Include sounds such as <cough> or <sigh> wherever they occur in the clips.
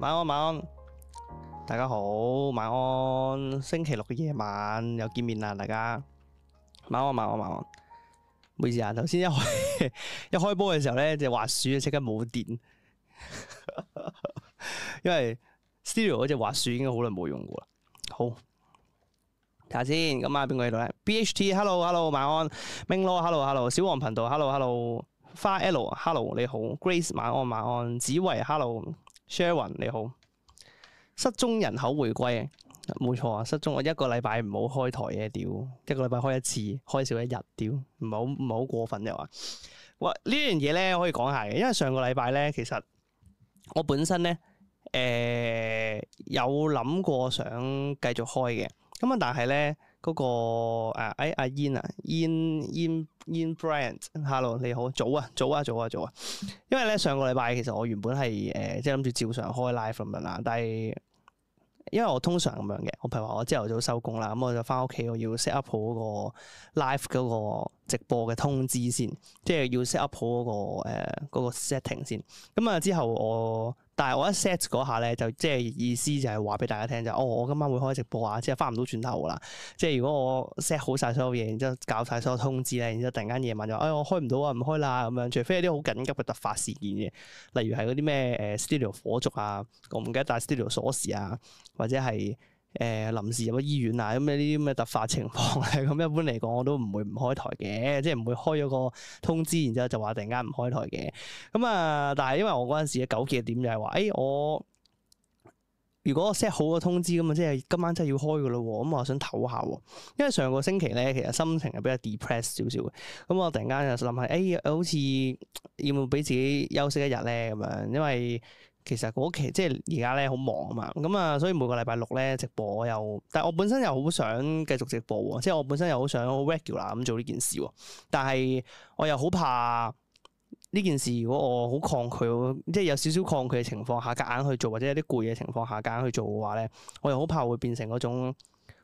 晚安，晚安，大家好，晚安，星期六嘅夜晚又見面啦，大家，晚安，晚安，晚安，唔好意思啊，頭先一開呵呵一開波嘅時候咧，隻滑鼠就即刻冇電， <laughs> 因為 studio 嗰隻滑鼠已經好耐冇用過啦。好，睇下先，咁啊，邊個喺度咧？B H T，hello hello，晚安，明樂，hello hello，小王頻道，hello hello，花 L，hello 你好，Grace，晚安晚安，紫維，hello。Sherwin 你好，失蹤人口回歸，冇錯啊！失蹤我一個禮拜唔好開台嘢屌，一個禮拜開,開一次，開少一日屌，唔好唔好過分又話！哇呢樣嘢咧可以講下嘅，因為上個禮拜咧其實我本身咧誒、呃、有諗過想繼續開嘅，咁啊但係咧。嗰、那個誒誒阿煙啊，Yin i、啊、n i n、啊、Bryant，Hello 你好，早啊早啊早啊早啊，因為呢上個禮拜其實我原本係誒即係諗住照常開 live 咁樣啦，但係因為我通常咁樣嘅，我譬如話我朝頭早收工啦，咁、嗯、我就返屋企我要 set up 好嗰個 live 嗰個直播嘅通知先，即係要、那個呃那個、set up 好嗰個誒嗰個 setting 先，咁、嗯、啊之後我。但係我一 set 嗰下咧，就即係意思就係話俾大家聽就，哦，我今晚會開直播啊，即係翻唔到轉頭噶啦。即係如果我 set 好晒所有嘢，然之後搞晒所有通知咧，然之後突然間夜晚就，哎，我開唔到啊，唔開啦咁樣。除非係啲好緊急嘅突發事件嘅，例如係嗰啲咩誒 studio 火燭啊，我唔記得帶 studio 鎖匙啊，或者係。誒、呃、臨時入咗醫院啊！咁咩呢啲咩突發情況咧？咁 <laughs> 一般嚟講，我都唔會唔開台嘅，即係唔會開咗個通知，然之後就話突然間唔開台嘅。咁啊，但係因為我嗰陣時嘅糾結點就係話：誒、欸、我如果 set 好個通知咁啊，即係今晚真係要開㗎喇。咁我想唞下喎，因為上個星期咧，其實心情係比較 depressed 少少。咁我突然間就諗下：欸「誒，好似要唔要俾自己休息一日咧？咁樣，因為。其實嗰期即係而家咧，好忙啊嘛，咁啊，所以每個禮拜六咧，直播我又，但我本身又好想繼續直播喎，即係我本身又好想好 regular 咁做呢件事喎，但係我又好怕呢件事如果我好抗拒，即係有少少抗拒嘅情況下，夾硬去做，或者有啲攰嘅情況下夾硬去做嘅話咧，我又好怕會變成嗰種。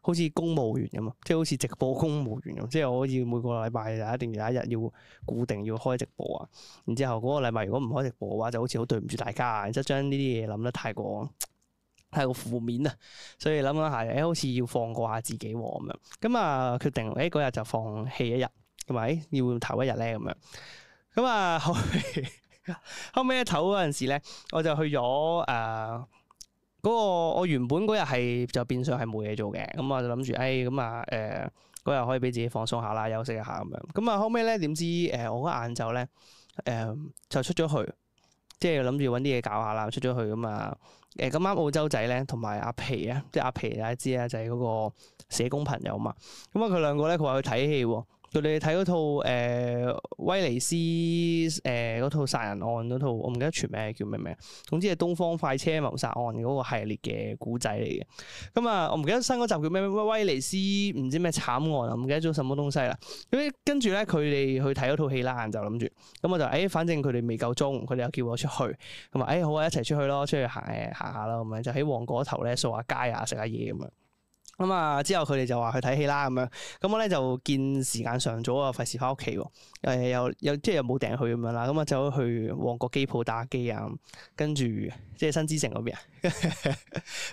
好似公務員咁啊，即係好似直播公務員咁，即係好似每個禮拜就一定要有一日要固定要開直播啊。然之後嗰個禮拜如果唔開直播嘅話，就好似好對唔住大家。即係將呢啲嘢諗得太過太過負面啊，所以諗諗下，誒、哎、好似要放過下自己喎咁樣。咁啊，決定誒嗰日就放棄一日，係咪？要唞一日咧咁樣。咁啊，後尾尾唞嗰陣時咧，我就去咗誒。呃嗰個我原本嗰日係就變相係冇嘢做嘅，咁我就諗住，哎咁啊，誒嗰日可以俾自己放鬆下啦，休息一下咁、呃、樣。咁啊，後尾咧，點知誒我嗰晏晝咧誒就出咗去，即係諗住搵啲嘢搞下啦，出咗去咁啊，誒咁啱澳洲仔咧同埋阿皮啊，即係阿皮大家知啊，就係、是、嗰個社工朋友嘛。咁啊佢兩個咧，佢話去睇戲喎。佢哋睇嗰套誒、呃、威尼斯誒嗰、呃、套殺人案嗰套，我唔記得全名叫咩名，總之係《東方快車謀殺案》嗰個系列嘅古仔嚟嘅。咁、嗯、啊，我唔記得新嗰集叫咩？威尼斯唔知咩慘案啊，唔記得咗什麼東西啦。咁、嗯、跟住咧，佢哋去睇嗰套戲啦，就諗住咁我就誒，反正佢哋未夠鐘，佢哋又叫我出去，咁、嗯、啊，唉，誒好啊，一齊出去咯，出去行誒行下啦，咁、嗯、樣就喺旺角頭咧掃下街啊，食下嘢咁樣。咁啊、嗯！之後佢哋就話去睇戲啦，咁樣咁我咧就見時間上咗啊，費事返屋企喎。又有即係又冇訂去咁樣啦。咁啊，走去旺角機鋪打機啊，跟住即係新之城嗰邊啊。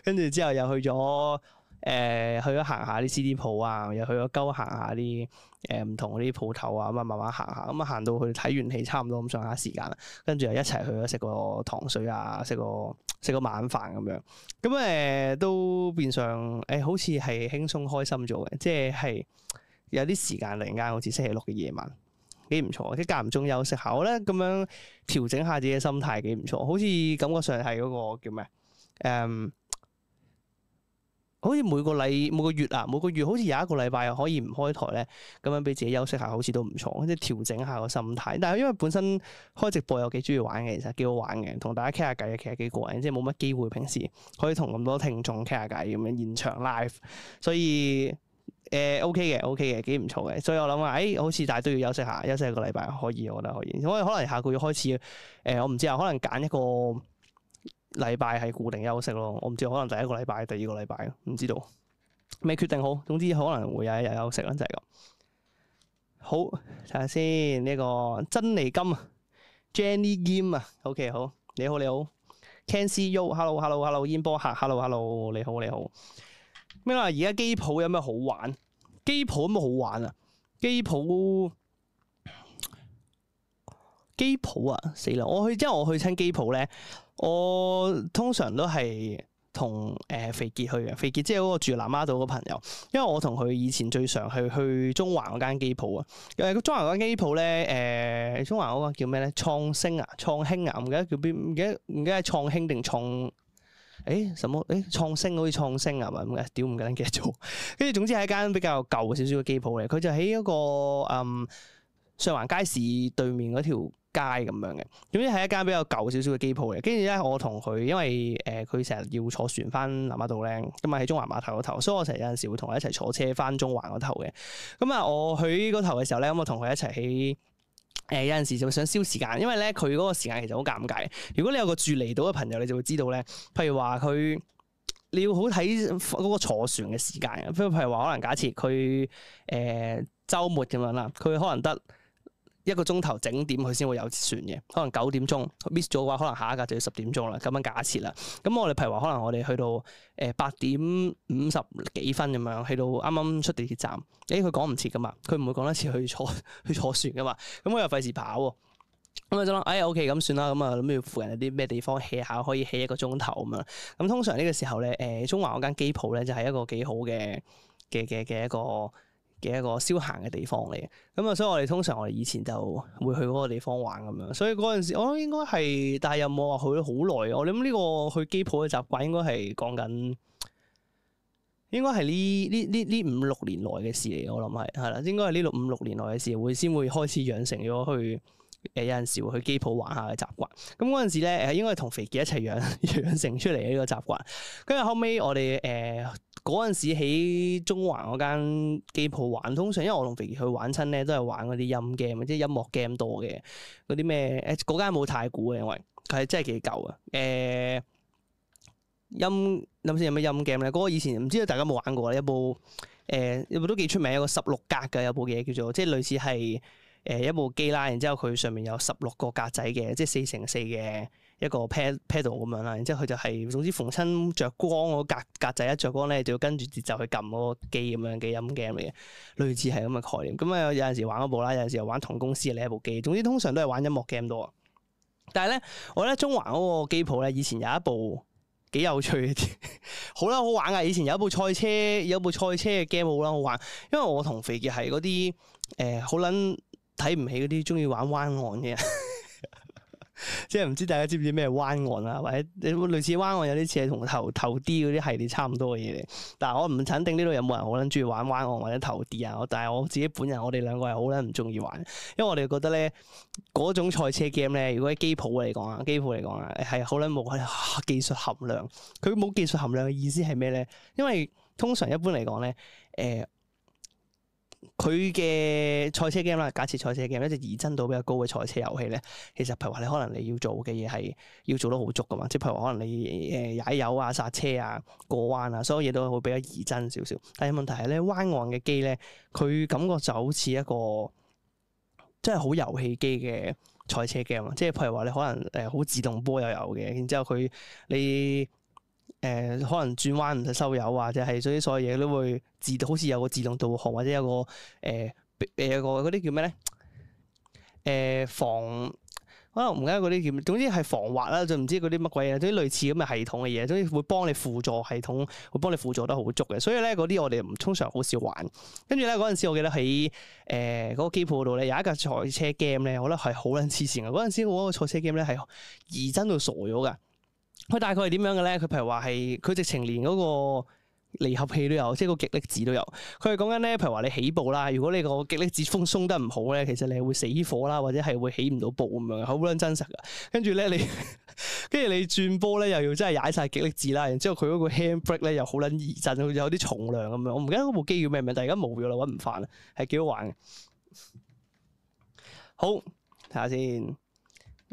跟 <laughs> 住之後又去咗誒、欸，去咗行下啲 CD 鋪啊，又去咗鳩行下啲誒唔同嗰啲鋪頭啊。咁啊，慢慢行下。咁啊，行到去睇完戲，差唔多咁上下時間啦。跟住又一齊去咗食個糖水啊，食個～食個晚飯咁樣，咁、呃、誒都變相，誒、呃，好似係輕鬆開心咗嘅，即係有啲時間突然間好似星期六嘅夜晚，幾唔錯，即間唔中休息下，我咧咁樣調整下自己嘅心態，幾唔錯，好似感覺上係嗰、那個叫咩誒？Um, 好似每個禮每個月啊，每個月好似有一個禮拜又可以唔開台咧，咁樣俾自己休息下，好似都唔錯，即係調整下個心態。但係因為本身開直播又幾中意玩嘅，其實幾好玩嘅，同大家傾下偈嘅，其實幾過癮，即係冇乜機會平時可以同咁多聽眾傾下偈咁樣現場 live，所以誒、呃、OK 嘅 OK 嘅幾唔錯嘅，所以我諗話，誒、哎、好似大家都要休息下，休息一個禮拜可以，我覺得可以。我可能下個月開始誒、呃，我唔知啊，可能揀一個。禮拜係固定休息咯，我唔知可能第一個禮拜、第二個禮拜，唔知道未決定好。總之可能會有一日休息啦，就係咁。好睇下先呢個珍妮金 Jenny Kim 啊，OK 好，你好你好，好 Can See You？Hello Hello Hello 煙波客 Hello Hello 你好你好咩啊？而家機鋪有咩好玩？機鋪有冇好玩啊？機鋪機鋪啊，死啦！我去，因為我去親機鋪咧，我通常都係同誒肥傑去嘅，肥傑即係嗰個住南丫島嘅朋友。因為我同佢以前最常去去中環嗰間機鋪啊。誒、呃，中環嗰間機鋪咧，誒，中環嗰個叫咩咧？創星啊，創興啊，唔記得叫邊，唔記得，唔記得係創興定創？誒、欸，什麼？誒、欸，創星好似創星啊，唔係咁嘅，屌唔記得，記得做。跟 <laughs> 住總之係一間比較舊少少嘅機鋪嚟，佢就喺一個誒、嗯、上環街市對面嗰條。街咁樣嘅，總之係一間比較舊少少嘅機鋪嚟。跟住咧，我同佢，因為誒佢成日要坐船翻南丫島咧，咁啊喺中環碼頭嗰頭，所以我成日有陣時會同佢一齊坐車翻中環嗰頭嘅。咁、嗯、啊，我去嗰頭嘅時候咧，咁、嗯、我同佢一齊喺誒有陣時就會想消時間，因為咧佢嗰個時間其實好尷尬嘅。如果你有個住離島嘅朋友，你就會知道咧，譬如話佢你要好睇嗰個坐船嘅時間，譬如譬如話可能假設佢誒、呃、週末咁樣啦，佢可能得。一個鐘頭整點佢先會有船嘅，可能九點鐘 miss 咗嘅話，可能下一格就要十點鐘啦。咁樣假設啦，咁我哋譬如話，可能我哋去到誒八點五十幾分咁樣，去到啱啱出地鐵站，咦佢講唔切噶嘛？佢唔會講得切去坐去坐船噶嘛？咁、嗯、我又費事跑喎、啊。咁咪就話，哎 OK 咁算啦。咁啊諗住附近有啲咩地方歇下，可以歇一個鐘頭咁啊？咁、嗯、通常呢個時候咧，誒、呃、中環嗰間機鋪咧就係一個幾好嘅嘅嘅嘅一個。嘅一個消閒嘅地方嚟，咁啊，所以我哋通常我哋以前就會去嗰個地方玩咁樣，所以嗰陣時我諗應該係，但係又冇話去咗好耐。我諗呢個去機鋪嘅習慣，應該係講緊，應該係呢呢呢呢五六年來嘅事嚟。我諗係係啦，應該係呢六五六年來嘅事會先會開始養成咗去，誒、呃、有陣時會去機鋪玩下嘅習慣。咁嗰陣時咧，誒、呃、應該係同肥傑一齊養養成出嚟嘅呢個習慣。跟住後尾我哋誒、呃嗰陣時喺中環嗰間機鋪玩，通常因為我同肥傑去玩親咧，都係玩嗰啲音 game，即係音樂 game 多嘅嗰啲咩？嗰間冇太古嘅，因為佢係真係幾舊啊。誒、欸、音諗先有咩音 game 咧？嗰、那個以前唔知道大家有冇玩過一部誒有、欸、部都幾出名，有個十六格嘅有部嘢叫做，即係類似係誒一部機啦，然之後佢上面有十六個格仔嘅，即係四乘四嘅。一個 pad pad 咁樣啦，然之後佢就係，總之逢親着光嗰格格仔一，一着光咧就要跟住節奏去撳嗰機咁樣嘅音 game 嚟嘅，類似係咁嘅概念。咁啊有陣時玩嗰部啦，有陣時又玩同公司嘅另一部機。總之通常都係玩音樂 game 多。但係咧，我覺得中環嗰個機鋪咧以前有一部幾有趣 <laughs> 好，好撚好玩噶。以前有一部賽車，有一部賽車嘅 game 好撚好玩。因為我同肥杰係嗰啲誒好捻睇唔起嗰啲中意玩彎岸嘅 <laughs> 即係唔知大家知唔知咩彎岸啊，或者類似彎岸有啲似係同頭頭 D 嗰啲系列差唔多嘅嘢嚟。但係我唔肯定呢度有冇人好捻中意玩彎岸或者頭 D 啊。但係我自己本人我哋兩個係好捻唔中意玩，因為我哋覺得咧嗰種賽車 game 咧，如果喺機舖嚟講啊，機舖嚟講啊，係好捻冇技術含量。佢冇技術含量嘅意思係咩咧？因為通常一般嚟講咧，誒、呃。佢嘅賽車 game 啦，假設賽車 game 一隻擬真度比較高嘅賽車遊戲咧，其實譬如話你可能你要做嘅嘢係要做得好足㗎嘛，即係譬如話可能你誒踩、呃、油啊、剎車啊、過彎啊，所有嘢都會比較擬真少少。但係問題係咧，灣岸嘅機咧，佢感覺就好似一個即係好遊戲機嘅賽車 game，即係譬如話你可能誒好、呃、自動波又有嘅，然之後佢你。誒、呃，可能轉彎唔使收油，或者係所以所有嘢都會自好似有個自動導航，或者有個誒誒、呃呃、有個嗰啲叫咩咧？誒、呃、防可能唔記得嗰啲叫咩，總之係防滑啦，就唔知嗰啲乜鬼嘢，總之類似咁嘅系統嘅嘢，總之會幫你輔助系統，會幫你輔助得好足嘅。所以咧，嗰啲我哋唔通常好少玩。跟住咧，嗰陣時我記得喺誒嗰個機鋪度咧，有一架賽車 game 咧，我覺得係好撚黐線嘅。嗰時我玩個賽車 game 咧，係疑真到傻咗㗎。佢大概係點樣嘅咧？佢譬如話係，佢直情連嗰個離合器都有，即係個極力子都有。佢係講緊咧，譬如話你起步啦，如果你個極力子鬆鬆得唔好咧，其實你係會死火啦，或者係會起唔到步咁樣，好撚真實嘅。跟住咧，你跟住 <laughs> 你轉波咧，又要真係踩晒極力子啦。然之後佢嗰個 handbrake 咧，又好撚易震，好似有啲重量咁樣。我唔記得嗰部機叫咩名，但而家冇咗啦，揾唔翻啦，係幾好玩嘅。好，睇下先。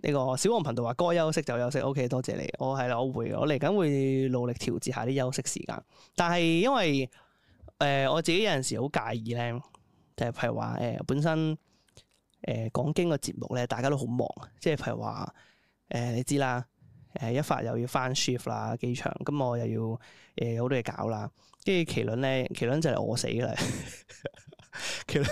呢個小王頻道話該休息就休息。O、OK, K，多謝你。我、哦、係我會，我嚟緊會努力調節下啲休息時間。但係因為誒、呃、我自己有陣時好介意咧，就係話誒本身誒講經個節目咧，大家都好忙。即係譬如話誒、呃，你知啦，誒、呃、一發又要翻 shift 啦，機場咁我又要誒好、呃、多嘢搞啦，跟住麒麟咧，麒麟就係餓死啦。 <laughs> 麒麟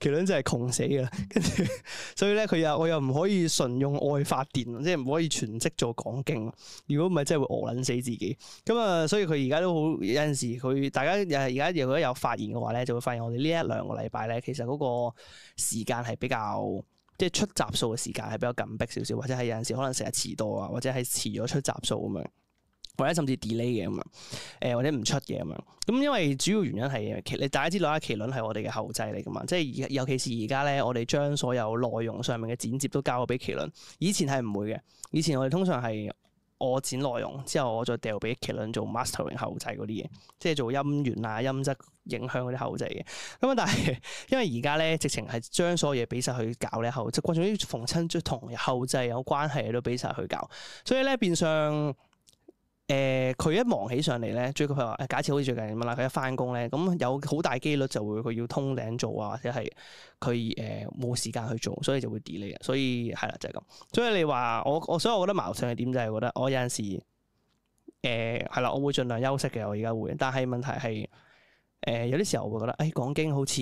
麒麟真係窮死㗎，跟住，所以咧佢又，我又唔可以純用愛發電，即係唔可以全職做講經，如果唔係真係會餓撚死自己。咁、嗯、啊，所以佢而家都好有陣時，佢大家又係而家如果有發現嘅話咧，就會發現我哋呢一兩個禮拜咧，其實嗰個時間係比較，即係出集數嘅時間係比較緊迫少少，或者係有陣時可能成日遲到啊，或者係遲咗出集數咁樣。或者甚至 delay 嘅咁啊，誒、呃、或者唔出嘅咁樣，咁因為主要原因係麒，你大家知道啦，麒麟係我哋嘅後製嚟噶嘛，即係尤其是而家咧，我哋將所有內容上面嘅剪接都交咗俾麒麟。以前係唔會嘅，以前我哋通常係我剪內容之後，我再掉俾麒麟做 mastering 後製嗰啲嘢，即係做音源啊、音質影響嗰啲後製嘅。咁、嗯、但係因為而家咧，直情係將所有嘢俾晒去搞咧後，就關於逢親同後製有關係都俾晒去搞，所以咧變相。誒佢、呃、一忙起上嚟咧，最近佢話誒，假設好似最近咁啦，佢一翻工咧，咁有好大機率就會佢要通頂做啊，或者係佢誒冇時間去做，所以就會 delay 啊。所以係啦，就係、是、咁。所以你話我我，所以我覺得矛盾嘅點就係，我覺得我有陣時誒係啦，我會盡量休息嘅，我而家會。但係問題係誒、呃、有啲時候我會覺得誒講經好似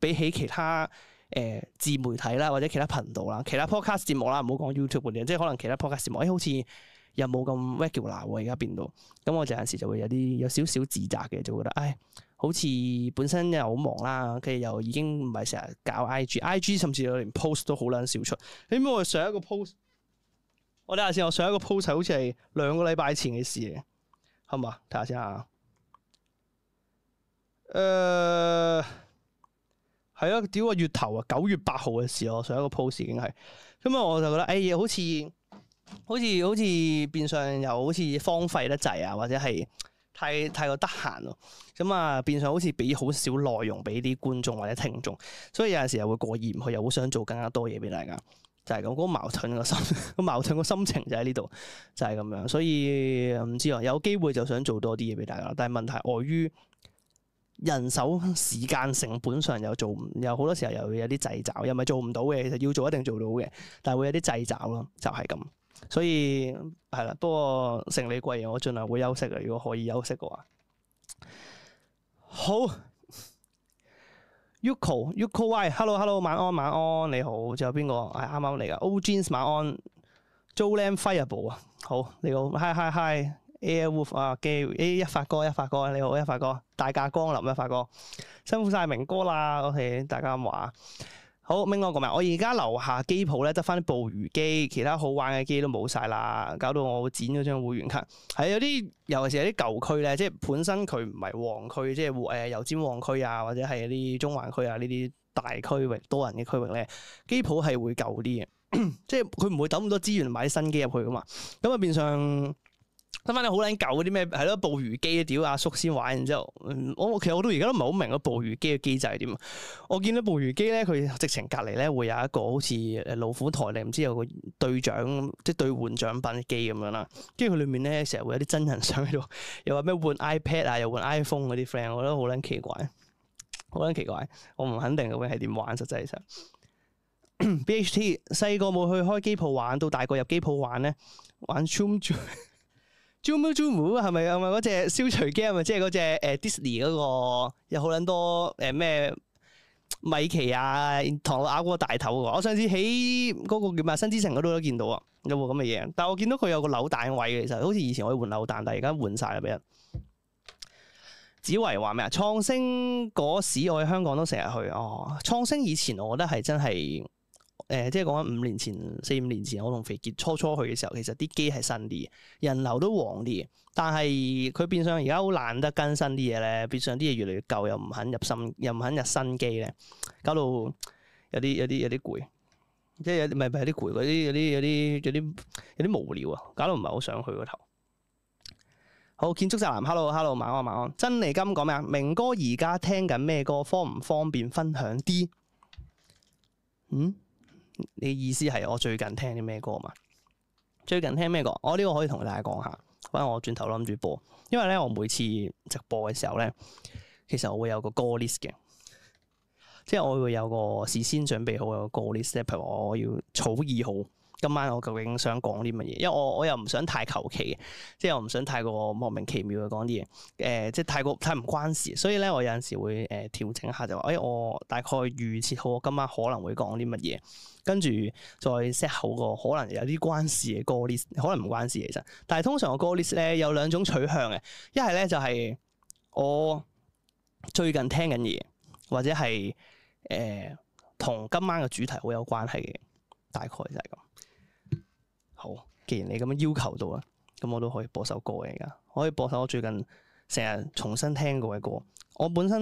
比起其他誒自、呃、媒體啦，或者其他頻道啦，其他 podcast 節目啦，唔好講 YouTube 嗰啲，即係可能其他 podcast 節目，誒、哎、好似。又冇咁 regular 喎，而家變到，咁、嗯、我就有時就會有啲有少少自責嘅，就覺得，唉，好似本身又好忙啦、啊，佢又已經唔係成日搞 IG，IG IG 甚至我連 post 都好撚少出。起、欸、解我上一個 post，我睇下先，我上一個 post 係好似係兩個禮拜前嘅事嚟，係嘛？睇下先、呃、啊！誒，係啊，屌個月頭啊，九月八號嘅事我上一個 post 已經係，咁啊我就覺得，唉好似～好似好似變相又好似荒廢得滯啊，或者係太太過得閒咯，咁啊變相好似俾好少內容俾啲觀眾或者聽眾，所以有陣時又會過意唔去，又好想做更加多嘢俾大家，就係、是、咁，個矛盾個心， <laughs> 矛盾個心情就喺呢度，就係、是、咁樣，所以唔知啊，有機會就想做多啲嘢俾大家，但係問題礙於人手、時間、成本上又做唔，有好多時候又會有啲掣肘，又咪做唔到嘅，其實要做一定做到嘅，但係會有啲掣肘咯，就係、是、咁。所以係啦，不過成年貴嘢，我盡量會休息嘅。如果可以休息嘅話，好。Yuko，Yuko，Y，hello，hello，晚 hello，安，晚安，你好。仲有邊個？係啱啱嚟㗎。O Jeans，晚安。Joel，fireball 啊，好，你好，hi hi hi，Airwolf 啊、uh，g A、哎、一,一發哥，一發哥，你好，一發哥，大駕光臨，一發哥，辛苦晒明哥啦，我哋大家話。好，明哥講埋。我而家樓下機鋪咧得翻啲捕魚機，其他好玩嘅機都冇晒啦，搞到我剪咗張會員卡。係有啲，尤其是有啲舊區咧，即係本身佢唔係旺區，即係誒，油尖旺區啊，或者係啲中環區啊呢啲大區域多人嘅區域咧，機鋪係會舊啲嘅，即係佢唔會抌咁多資源買新機入去噶嘛，咁啊變相。睇翻你好捻舊嗰啲咩係咯？捕魚機屌，阿叔先玩，然之後我其實我都而家都唔係好明嗰捕魚機嘅機制係點。我見到捕魚機咧，佢直情隔籬咧會有一個好似誒老虎台你唔知有個兌獎即兌換獎品機咁樣啦。跟住佢裏面咧成日會有啲真人上到，又話咩換 iPad 啊，又換 iPhone 嗰啲 friend，我覺得好捻奇怪，好捻奇怪。我唔肯定嗰個係點玩。實際上 <coughs> B H T 細個冇去開機鋪玩，到大個入機鋪玩咧玩 Zoom Zoom Zoom e 係咪啊？咪嗰隻消除 game 咪即係嗰隻誒 Disney 嗰、嗰個有好捻多誒咩、呃、米奇啊、唐老鴨嗰個大頭啊、那個！我上次喺嗰個叫咩新之城嗰度都見到啊，有冇咁嘅嘢？但係我見到佢有個扭蛋位嘅，其實好似以前可以換扭蛋，但係而家換晒啦俾人。子維話咩啊？創星嗰時我喺香港都成日去哦。創星以前我覺得係真係。誒、呃，即係講緊五年前，四五年前，我同肥杰初初去嘅時候，其實啲機係新啲，人流都旺啲。但係佢變相而家好懶得更新啲嘢咧，變相啲嘢越嚟越舊，又唔肯入新，又唔肯入新機咧，搞到有啲有啲有啲攰，即係有啲唔係唔啲攰，嗰啲有啲有啲有啲有啲無聊啊，搞到唔係好想去個頭。好，建築宅男，hello hello，晚安晚安。珍妮今講咩啊？明哥而家聽緊咩歌？方唔方便分享啲？嗯？你意思係我最近聽啲咩歌嘛？最近聽咩歌？我、哦、呢、這個可以同大家講下，反正我轉頭諗住播，因為咧我每次直播嘅時候咧，其實我會有個歌 list 嘅，即係我會有個事先準備好嘅歌 list，譬如我要草二號。今晚我究竟想講啲乜嘢？因為我我又唔想太求其，嘅，即係我唔想太過莫名其妙嘅講啲嘢，誒、呃，即係太過太唔關事。所以咧，我有陣時會誒調、呃、整一下，就話誒、欸，我大概預設好我今晚可能會講啲乜嘢，跟住再 set 好個可能有啲關事嘅歌 list，可能唔關事其實。但係通常個歌 list 咧有兩種取向嘅，一係咧就係我最近聽緊嘢，或者係誒同今晚嘅主題好有關係嘅，大概就係咁。既然你咁樣要求到啦，咁我都可以播首歌嘅而家，可以播首我最近成日重新聽過嘅歌。我本身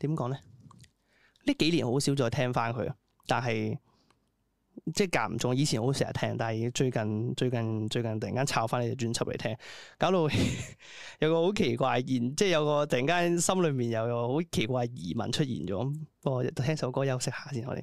點講咧？呢幾年好少再聽翻佢，但係即係間唔中。以前好成日聽，但係最近最近最近突然間抄翻你隻專輯嚟聽，搞到 <laughs> 有個好奇怪，現即係有個突然間心裏面有個好奇怪疑問出現咗。不過聽首歌休息下先，我哋。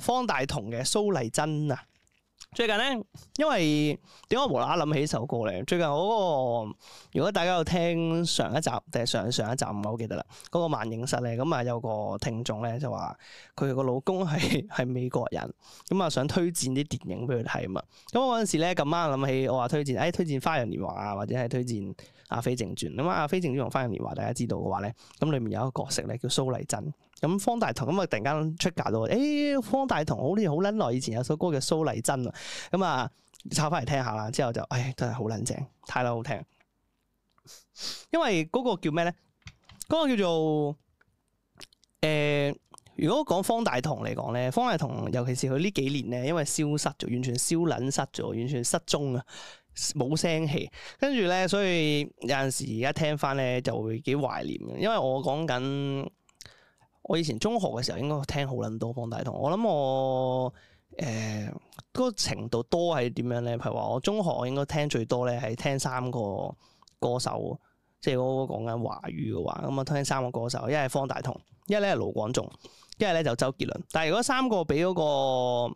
方大同嘅蘇麗珍啊，最近咧，因為點解無啦啦諗起首歌咧？最近我嗰個，如果大家有聽上一集定係上上一集唔係好記得啦，嗰個萬影室咧，咁啊有個聽眾咧就話佢個老公係係美國人，咁啊想推薦啲電影俾佢睇啊嘛。咁我嗰陣時咧咁啱諗起，我話推薦，哎，推薦《花樣年華》啊，或者係推薦《阿飛正傳》。咁啊，《阿飛正傳》同《花樣年華》大家知道嘅話咧，咁裏面有一個角色咧叫蘇麗珍。咁方大同咁啊，突然間出格囉，誒、哎，方大同好似好撚耐。以前有首歌叫蘇麗珍啊，咁啊，抄翻嚟聽下啦。之後就，唉、哎，真係好撚正，太撚好聽。因為嗰個叫咩咧？嗰、那個叫做誒、呃，如果講方大同嚟講咧，方大同尤其是佢呢幾年咧，因為消失咗，完全消撚失咗，完全失蹤啊，冇聲氣。跟住咧，所以有陣時而家聽翻咧，就會幾懷念嘅。因為我講緊。我以前中學嘅時候，應該聽好撚多方大同，我諗我誒嗰、呃嗰個程度多係點樣咧？譬如話我中學，我應該聽最多咧係聽三個歌手，即係我講緊華語嘅話咁，我聽三個歌手，一係方大同，一係咧盧廣仲，一係咧就周杰倫。但係如果三個俾嗰、嗰個嗰、嗰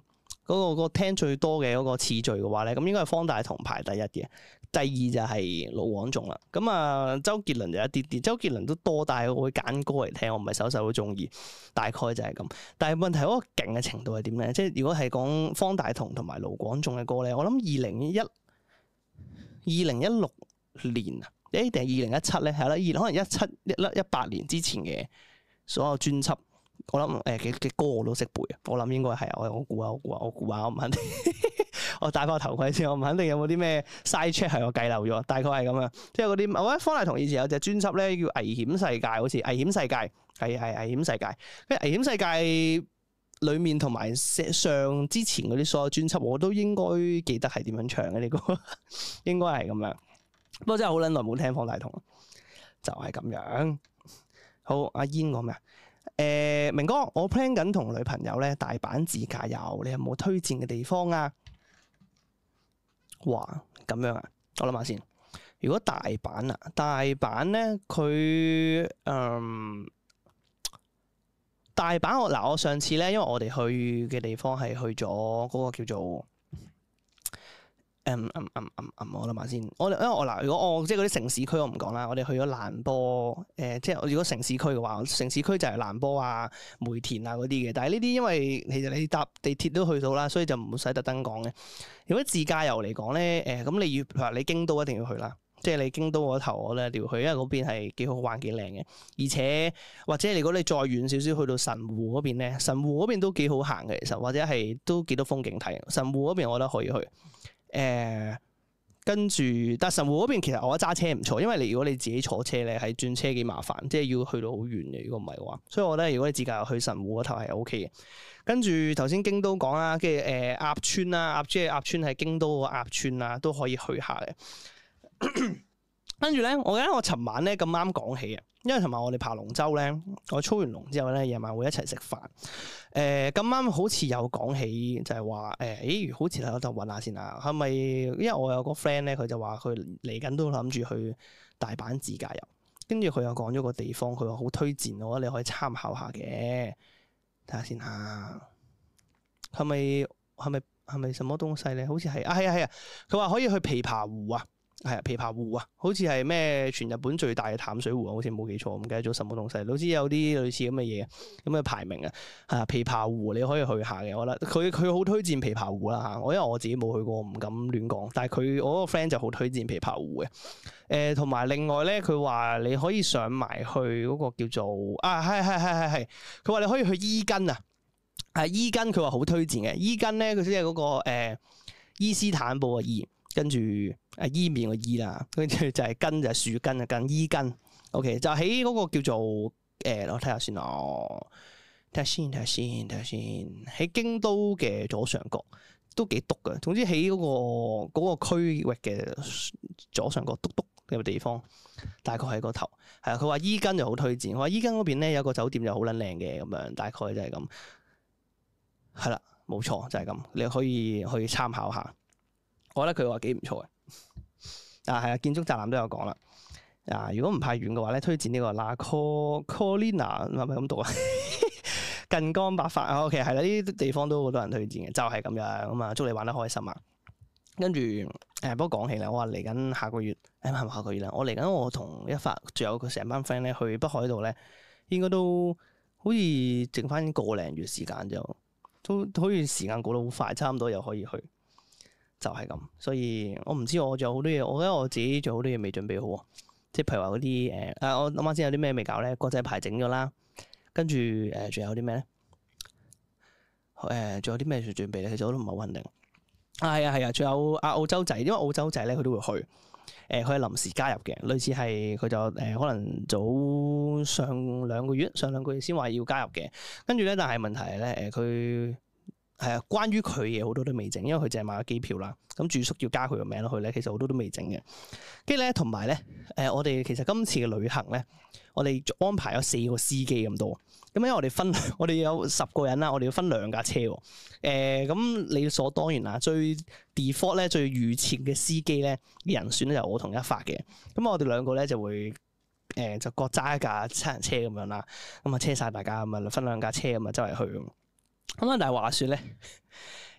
個嗰個嗰個聽最多嘅嗰個次序嘅話咧，咁應該係方大同排第一嘅。第二就係盧廣仲啦，咁啊周杰倫就一啲啲，周杰倫都多，但係我會揀歌嚟聽，我唔係首首都中意，大概就係咁。但係問題嗰個勁嘅程度係點咧？即係如果係講方大同同埋盧廣仲嘅歌咧，我諗二零一二零一六年啊，誒定係二零一七咧，係啦，二可能一七一一八年之前嘅所有專輯，我諗誒嘅歌我都識背啊，我諗應該係我我估下，我估下、啊，我估下、啊。我唔肯定。 <laughs> 我戴翻個頭盔先，我唔肯定有冇啲咩 size check 係我計漏咗。大概係咁樣，即係嗰啲我覺得方大同以前有隻專輯咧叫《危險世界》，好似《危險世界》，係係危險世界。跟危險世界裡面同埋上之前嗰啲所有專輯，我都應該記得係點樣唱嘅呢個，應該係咁樣。不過真係好撚耐冇聽方大同，就係咁樣。好，阿嫣講咩？誒、呃，明哥，我 plan 緊同女朋友咧大阪自駕遊，你有冇推薦嘅地方啊？哇，咁樣啊！我諗下先，如果大阪啊，大阪咧佢誒，大阪我嗱、啊、我上次咧，因為我哋去嘅地方係去咗嗰個叫做。嗯嗯嗯嗯嗯，我諗下先，我因為我嗱，如果我即係嗰啲城市區，呃，我唔講啦。我哋去咗難波誒，即係如果城市區嘅話，城市區就係難波啊、梅田啊嗰啲嘅。但係呢啲因為其實你搭地鐵都去到啦，所以就唔使特登講嘅。如果自駕遊嚟講咧，誒、呃，咁你如譬如話你京都一定要去啦，即係你京都嗰頭我咧都要去，因為嗰邊係幾好玩幾靚嘅。而且或者如果你再遠少少去到神戶嗰邊咧，神戶嗰邊都幾好行嘅，其實或者係都幾多風景睇。神戶嗰邊我都可以去。誒、呃，跟住，但神戶嗰邊其實我覺得揸車唔錯，因為你如果你自己坐車咧，係轉車幾麻煩，即係要去到好遠嘅，如果唔係嘅話，所以我覺得如果你自駕去神戶嗰頭係 OK 嘅。跟住頭先京都講啦，跟住誒鴨村啦、啊，即係鴨川喺京都個鴨川啦、啊，都可以去下嘅。 <coughs> 跟住咧，我記得我尋晚咧咁啱講起啊，因為尋晚我哋爬龍舟咧，我操完龍之後咧，夜晚會一齊食飯。誒、呃，咁啱好似有講起，就係話誒，咦、呃欸呃？好似喺度揾下先啊，係咪？因為我有個 friend 咧，佢就話佢嚟緊都諗住去大阪自駕遊。跟住佢又講咗個地方，佢話好推薦我，我你可以參考下嘅。睇下先嚇，係咪？係咪？係咪？什麼東西咧？好似係啊，係啊，係啊。佢話、啊、可以去琵琶湖啊。係啊，琵琶湖啊，好似係咩全日本最大嘅淡水湖啊，好似冇記錯咁，唔記得咗。什麼東西，老之有啲類似咁嘅嘢，咁嘅排名啊，吓、啊、琵琶湖你可以去下嘅，我覺得佢佢好推薦琵琶湖啦、啊、吓，我因為我自己冇去過，唔敢亂講，但係佢我個 friend 就好推薦琵琶湖嘅，誒、呃，同埋另外咧，佢話你可以上埋去嗰個叫做啊係係係係係，佢話你可以去伊根啊，啊伊根佢話好推薦嘅，伊根咧佢即係嗰個誒、呃、伊斯坦布嘅伊。跟住啊伊麵個伊啦，跟住就係根就係樹根啊根伊根，OK 就喺嗰個叫做誒、欸，我睇下先哦，睇下先睇下先睇下先，喺京都嘅左上角都幾篤㗎。總之喺嗰、那個嗰、那個區域嘅左上角篤篤嘅地方，大概係個頭係啊。佢話伊根就好推薦，我話伊根嗰邊咧有個酒店就好捻靚嘅咁樣，大概就係咁，係啦，冇錯就係、是、咁，你可以去參考下。我覺得佢話幾唔錯嘅，但、啊、係建築宅男都有講啦。啊，如果唔怕遠嘅話咧，推薦呢個 La Colina 係咪咁讀啊。Ina, <laughs> 近江百發啊，OK 係啦，呢啲地方都好多人推薦嘅，就係、是、咁樣啊祝你玩得開心啊！跟住誒、啊，不過講起咧，我話嚟緊下個月，係、哎、下個月啦，我嚟緊我同一發，仲有佢成班 friend 咧去北海道咧，應該都好似剩翻個零月時間就都,都好似時間過得好快，差唔多又可以去。就係咁，所以我唔知我仲有好多嘢，我覺得我自己仲有好多嘢未準備好，即係譬如話嗰啲誒，啊、呃、我諗下先有啲咩未搞咧？國際牌整咗啦，跟住誒仲有啲咩咧？誒、呃、仲有啲咩要準備咧？其實我都唔係好肯定。啊係啊係啊，仲、啊、有阿澳洲仔，因為澳洲仔咧佢都會去。誒佢係臨時加入嘅，類似係佢就誒、呃、可能早上兩個月、上兩個月先話要加入嘅。跟住咧，但係問題係咧，誒、呃、佢。係啊，關於佢嘢好多都未整，因為佢淨係買咗機票啦。咁住宿要加佢個名落去咧，其實好多都未整嘅。跟住咧，同埋咧，誒，我哋其實今次嘅旅行咧，我哋安排咗四個司機咁多。咁因為我哋分，我哋有十個人啦，我哋要分兩架車喎。咁、呃、理所當然啦，最 default 咧，最預設嘅司機咧，啲人選咧就我同一發嘅。咁我哋兩個咧就會誒、呃、就各揸一架七人車咁樣啦。咁啊，車晒大家咁啊，分兩架車咁啊周圍去。咁啊！但係話說咧，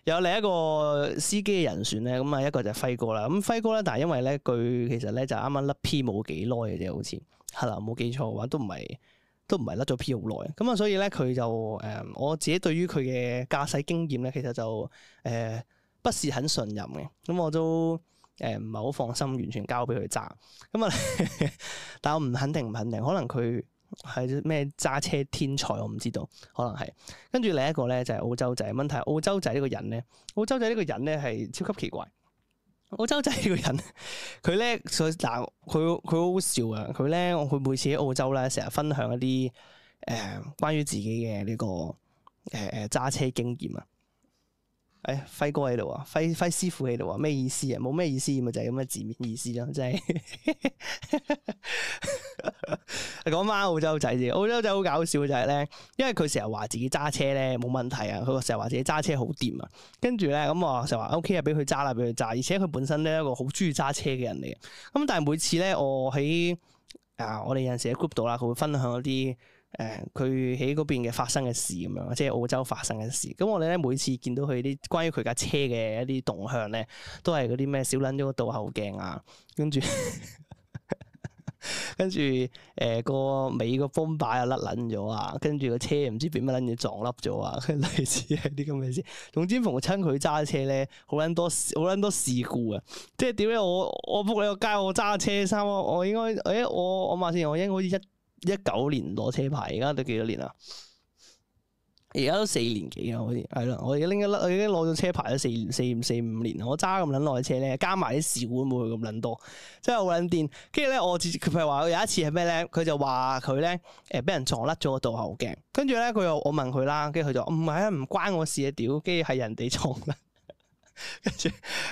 有另一一個司機嘅人選咧，咁啊一個就係輝哥啦。咁輝哥咧，但係因為咧，佢其實咧就啱啱甩 P 冇幾耐嘅啫，好似係啦，冇記錯嘅話，都唔係都唔係甩咗 P 好耐。咁啊，所以咧佢就誒、呃，我自己對於佢嘅駕駛經驗咧，其實就誒、呃、不是很信任嘅。咁我都誒唔係好放心，完全交俾佢揸。咁啊，但係 <laughs> 我唔肯定，唔肯定，可能佢。係咩揸車天才？我唔知道，可能係。跟住另一個咧就係、是、澳洲仔，問題係澳洲仔呢個人咧，澳洲仔呢個人咧係超級奇怪。澳洲仔呢個人，佢咧所嗱佢佢好笑啊！佢咧我會每次喺澳洲咧成日分享一啲誒、呃、關於自己嘅呢、呢個誒誒揸車經驗啊。誒，輝哥喺度啊，輝輝師傅喺度啊，咩意思啊？冇咩意思，咪就係咁嘅字面意思咯，真係。講翻澳洲仔先，澳洲仔好搞笑就係咧，因為佢成日話自己揸車咧冇問題啊，佢成日話自己揸車好掂啊，跟住咧咁我成日話 O K 啊，俾佢揸啦，俾佢揸，而且佢本身咧一個好中意揸車嘅人嚟嘅，咁但係每次咧我喺啊我哋有陣時喺 group 度啦，佢會分享一啲。誒佢喺嗰邊嘅發生嘅事咁樣，即係澳洲發生嘅事。咁我哋咧每次見到佢啲關於佢架車嘅一啲動向咧，都係嗰啲咩少撚咗個倒後鏡啊，跟住 <laughs> 跟住誒個尾個風擺啊甩撚咗啊，跟住個車唔知俾乜撚住撞笠咗啊，類似係啲咁嘅事。總之逢親佢揸車咧，好撚多好撚多事故啊！即係點咧？我我仆你個街，我揸車，衫，我應該誒、哎、我我問先，我應該好一。一九年攞車牌，而家都幾多年啦？而家都四年幾啊，好似係啦。我而家拎一粒，我已經攞咗車牌咗四年四五四五年。我揸咁撚耐車咧，加埋啲事故會冇佢咁撚多？真係好撚癲。跟住咧，我佢佢係話，有一次係咩咧？佢就話佢咧誒，俾、呃、人撞甩咗個倒後鏡。跟住咧，佢又我問佢啦，跟住佢就唔係啊，唔關我事啊，屌！跟住係人哋撞 <laughs> <laughs> 跟住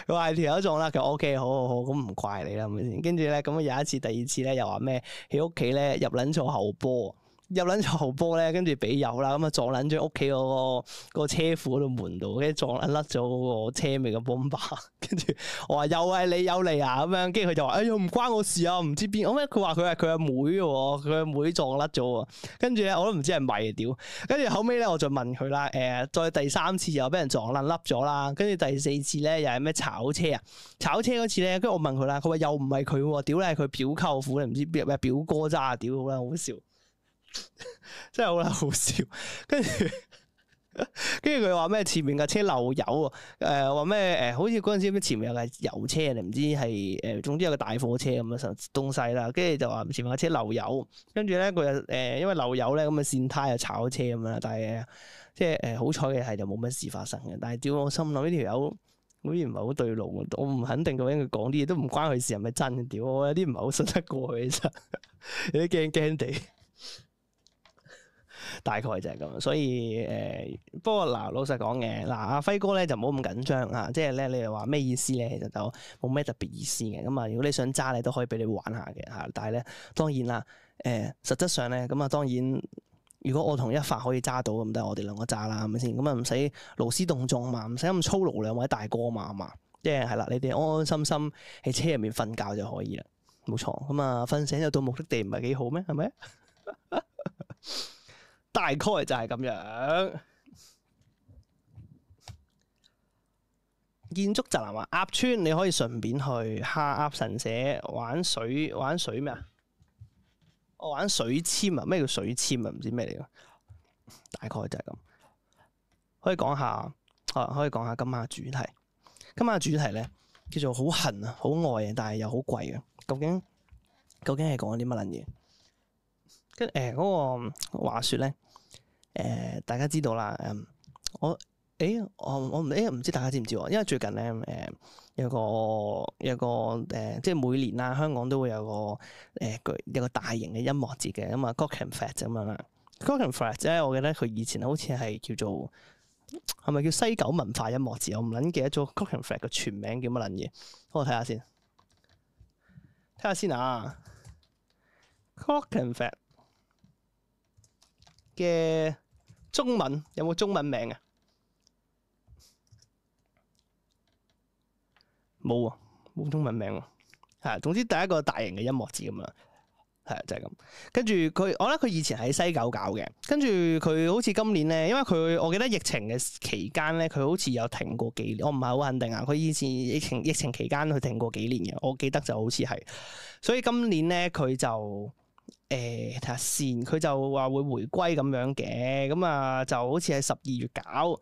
佢話條友撞啦，佢我 O K，好好好，咁唔怪你啦，係咪先？跟住咧，咁有一次，第二次咧又話咩喺屋企咧入撚錯後波。入撚住後波咧，跟住俾油啦，咁啊撞撚咗屋企嗰個個車庫嗰度門度，跟住撞撚甩咗嗰個車尾嘅 bumper。跟住我話又係你有嚟啊，咁樣。跟住佢就話：哎呀，唔關我事啊，唔知邊，咩後尾佢話佢係佢阿妹喎，佢阿妹撞甩咗。跟住咧，我都唔知係咪啊屌！跟住後尾咧，我再問佢啦。誒，再第三次又俾人撞撚甩咗啦。跟住第四次咧，又係咩炒車啊？炒車嗰次咧，跟住我問佢啦，佢話又唔係佢，屌咧係佢表舅父，唔知入咩表哥咋屌！好啦，好笑。 <laughs> 真係好難好笑，跟住跟住佢話咩？前面架車漏油啊！誒、呃，話咩？誒、呃，好似嗰陣時咩？前面有架油車嚟，唔知係誒、呃，總之有個大貨車咁啊，東西啦。跟住就話前面架車漏油，跟住咧佢誒，因為漏油咧咁啊，跣胎啊，炒車咁啦。但係即係誒，呃、好彩嘅係就冇乜事發生嘅。但係屌我心諗呢條友好似唔係好對路，我唔肯定究竟佢講啲嘢都唔關佢事，係咪真？屌我有啲唔係好信得過佢，其 <laughs> 實有啲驚驚地。大概就係咁，所以誒、欸，不過嗱，老實講嘅嗱，阿輝哥咧就冇咁緊張啊，即係咧，你又話咩意思咧？其實就冇咩特別意思嘅，咁啊，如果你想揸你都可以俾你玩下嘅嚇、啊，但係咧當然啦，誒、呃，實質上咧咁啊，當然如果我同一發可以揸到咁，得我哋兩個揸啦，係咪先？咁啊唔使勞師動眾嘛，唔使咁操勞兩位大哥嘛，啊、嘛，即係係啦，你哋安安心心喺車入面瞓覺就可以啦，冇錯。咁啊瞓醒就到目的地唔係幾好咩？係咪.？ <laughs> 大概就係咁樣，建築宅男華鴨村，你可以順便去蝦鴨神社玩水，玩水咩啊？我玩水簽啊？咩叫水簽啊？唔知咩嚟嘅，大概就係咁。可以講下、啊，可以講下今晚嘅主題。今晚嘅主題咧，叫做好恨啊，好愛啊，但係又好貴嘅。究竟究竟係講啲乜嘢嘢？跟誒嗰個話説咧，誒、呃、大家知道啦，嗯，我誒、欸、我我唔誒唔知大家知唔知喎？因為最近咧，誒、呃、有個有個誒，即係每年啊，香港都會有個誒、呃、個一個大型嘅音樂節嘅咁啊、嗯、Clockenflap 咁、嗯、樣啦，Clockenflap 即係我記得佢以前好似係叫做係咪叫西九文化音樂節？我唔撚記得咗 Clockenflap 嘅全名叫乜撚嘢，好，我睇下先，睇下先啊，Clockenflap。嘅中文有冇中文名啊？冇啊，冇中文名啊。係，總之第一個大型嘅音樂節咁樣，係啊，就係咁。跟住佢，我覺得佢以前喺西九搞嘅，跟住佢好似今年咧，因為佢我記得疫情嘅期間咧，佢好似有停過幾年，我唔係好肯定啊。佢以前疫情疫情期間佢停過幾年嘅，我記得就好似係。所以今年咧，佢就。誒，睇下先，佢就話會回歸咁樣嘅，咁、嗯、啊就好似係十二月搞。咁、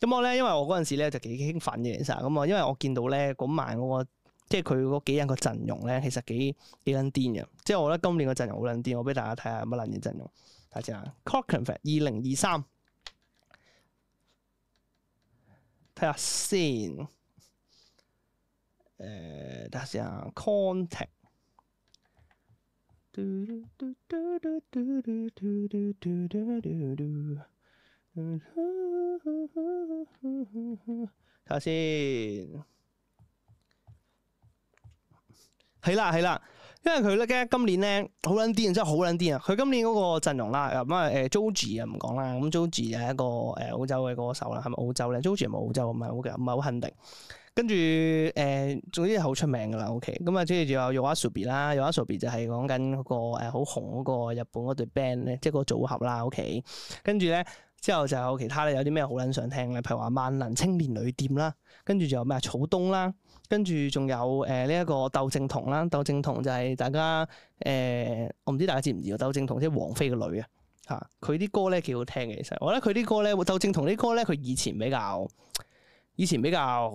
嗯、我咧，因為我嗰陣時咧就幾興奮嘅其實，咁、嗯、啊，因為我見到咧嗰晚嗰、嗰個，即係佢嗰幾人個陣容咧，其實幾幾撚癲嘅。即係我覺得今年個陣容好撚癲，我俾大家睇下乜撚嘅陣容。睇下先，Clockenflap 二零二三，睇下先。誒，睇下先，Contact 啊。睇下先，係啦係啦，因為佢咧，今年咧好撚癲，真係好撚癲啊！佢今年嗰個陣容啦，咁啊誒，Joji 啊唔講啦，咁 Joji 係一個誒澳洲嘅歌手啦，係咪澳洲咧？Joji 係咪澳洲？唔係好唔係好肯定。跟住誒、呃，總之好出名噶啦。O K，咁啊，即住仲有用阿 s u 啦、那個，用阿 s u 就係講緊嗰個好紅嗰個日本嗰隊 band 咧，即、就、係、是、個組合啦。O、OK? K，跟住咧之後就有其他咧，有啲咩好撚想聽咧？譬如話萬能青年旅店啦，跟住仲有咩草東啦，跟住仲有誒呢一個竇靖童啦，竇靖童就係大家誒、呃，我唔知大家知唔知竇靖、就是、啊？竇靖童即係王菲嘅女啊，嚇佢啲歌咧幾好聽嘅，其實我覺得佢啲歌咧，竇靖童啲歌咧，佢以前比較以前比較。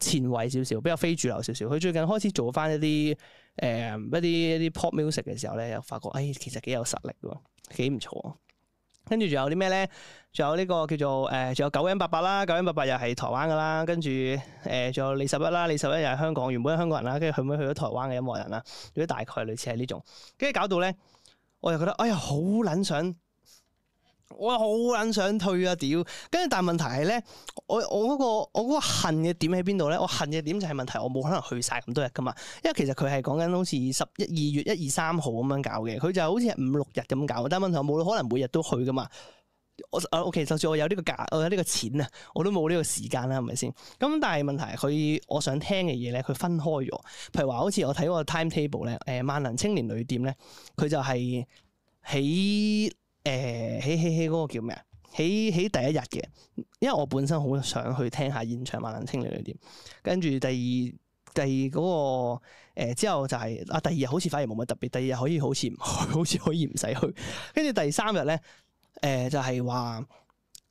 前衛少少，比較非主流少少。佢最近開始做翻一啲誒、呃、一啲一啲 pop music 嘅時候咧，又發覺誒、哎、其實幾有實力喎，幾唔錯。跟住仲有啲咩咧？仲有呢個叫做誒，仲、呃、有 9m88 啦，9m88 又係台灣㗎啦。跟住誒，仲、呃、有李十一啦，李十一又係香港原本係香港人啦，跟住後尾去咗台灣嘅音樂人啦。嗰啲大概類似係呢種。跟住搞到咧，我又覺得哎呀好撚想～我好撚想退啊！屌，跟住但係問題係咧，我我嗰、嗰個我嗰個恨嘅點喺邊度咧？我恨嘅點就係問題，我冇可能去晒咁多日噶嘛。因為其實佢係講緊好似十一二月一二三號咁樣搞嘅，佢就好似係五六日咁搞。但係問題我冇可能每日都去噶嘛。我啊，OK，就算我有呢個價，我有呢個錢啊，我都冇呢個時間啦，係咪先？咁但係問題，佢我想聽嘅嘢咧，佢分開咗。譬如話、呃，好似我睇嗰個 timetable 咧，誒萬能青年旅店咧，佢就係喺。誒、呃、起起起嗰個叫咩啊？起起第一日嘅，因為我本身好想去聽下現場萬能青年旅店，跟住第二第二嗰、那個、呃、之後就係、是、啊第二日好似反而冇乜特別，第二日可以好似唔去好似可以唔使去，跟住第三日咧誒就係、是、話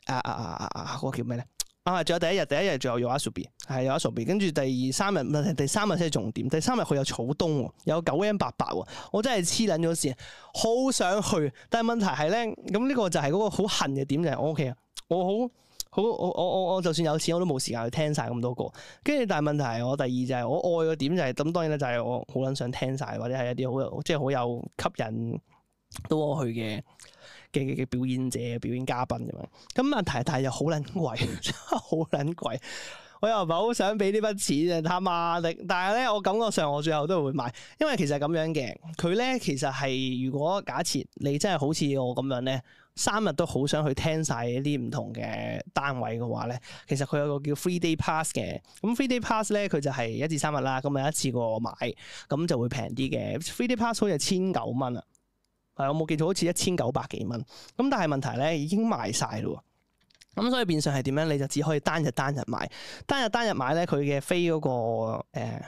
啊啊啊啊啊嗰個叫咩咧？啊！係，仲有第一日，第一日仲有 Yasubee，係 y a s b 跟住第三日，唔係第三日先係重點。第三日佢有草東，有九 M 八八，我真係黐捻咗先，好想去。但係問題係咧，咁呢個就係嗰個好恨嘅點就係、是、我屋企啊，我好好我我我我就算有錢我都冇時間去聽晒咁多歌。跟住但係問題係我第二就係我愛嘅點就係、是、咁，當然咧就係我好撚想聽晒，或者係一啲好即係好有吸引到我去嘅。嘅嘅表演者、表演嘉賓咁樣，咁問題但係又好撚貴，真係好撚貴。我又唔係好想俾呢筆錢啊，他媽力。但係咧，我感覺上我最後都係會買，因為其實咁樣嘅，佢咧其實係如果假設你真係好似我咁樣咧，三日都好想去聽晒一啲唔同嘅單位嘅話咧，其實佢有個叫 Three Day Pass 嘅，咁 Three Day Pass 咧佢就係一至三日啦，咁啊一次過買咁就會平啲嘅。Three Day Pass 好似千九蚊啊！係、啊，我冇記錯，好似一千九百幾蚊。咁但係問題咧，已經賣曬咯。咁、嗯、所以變相係點樣？你就只可以單日單日買，單日單日買咧，佢嘅飛嗰個佢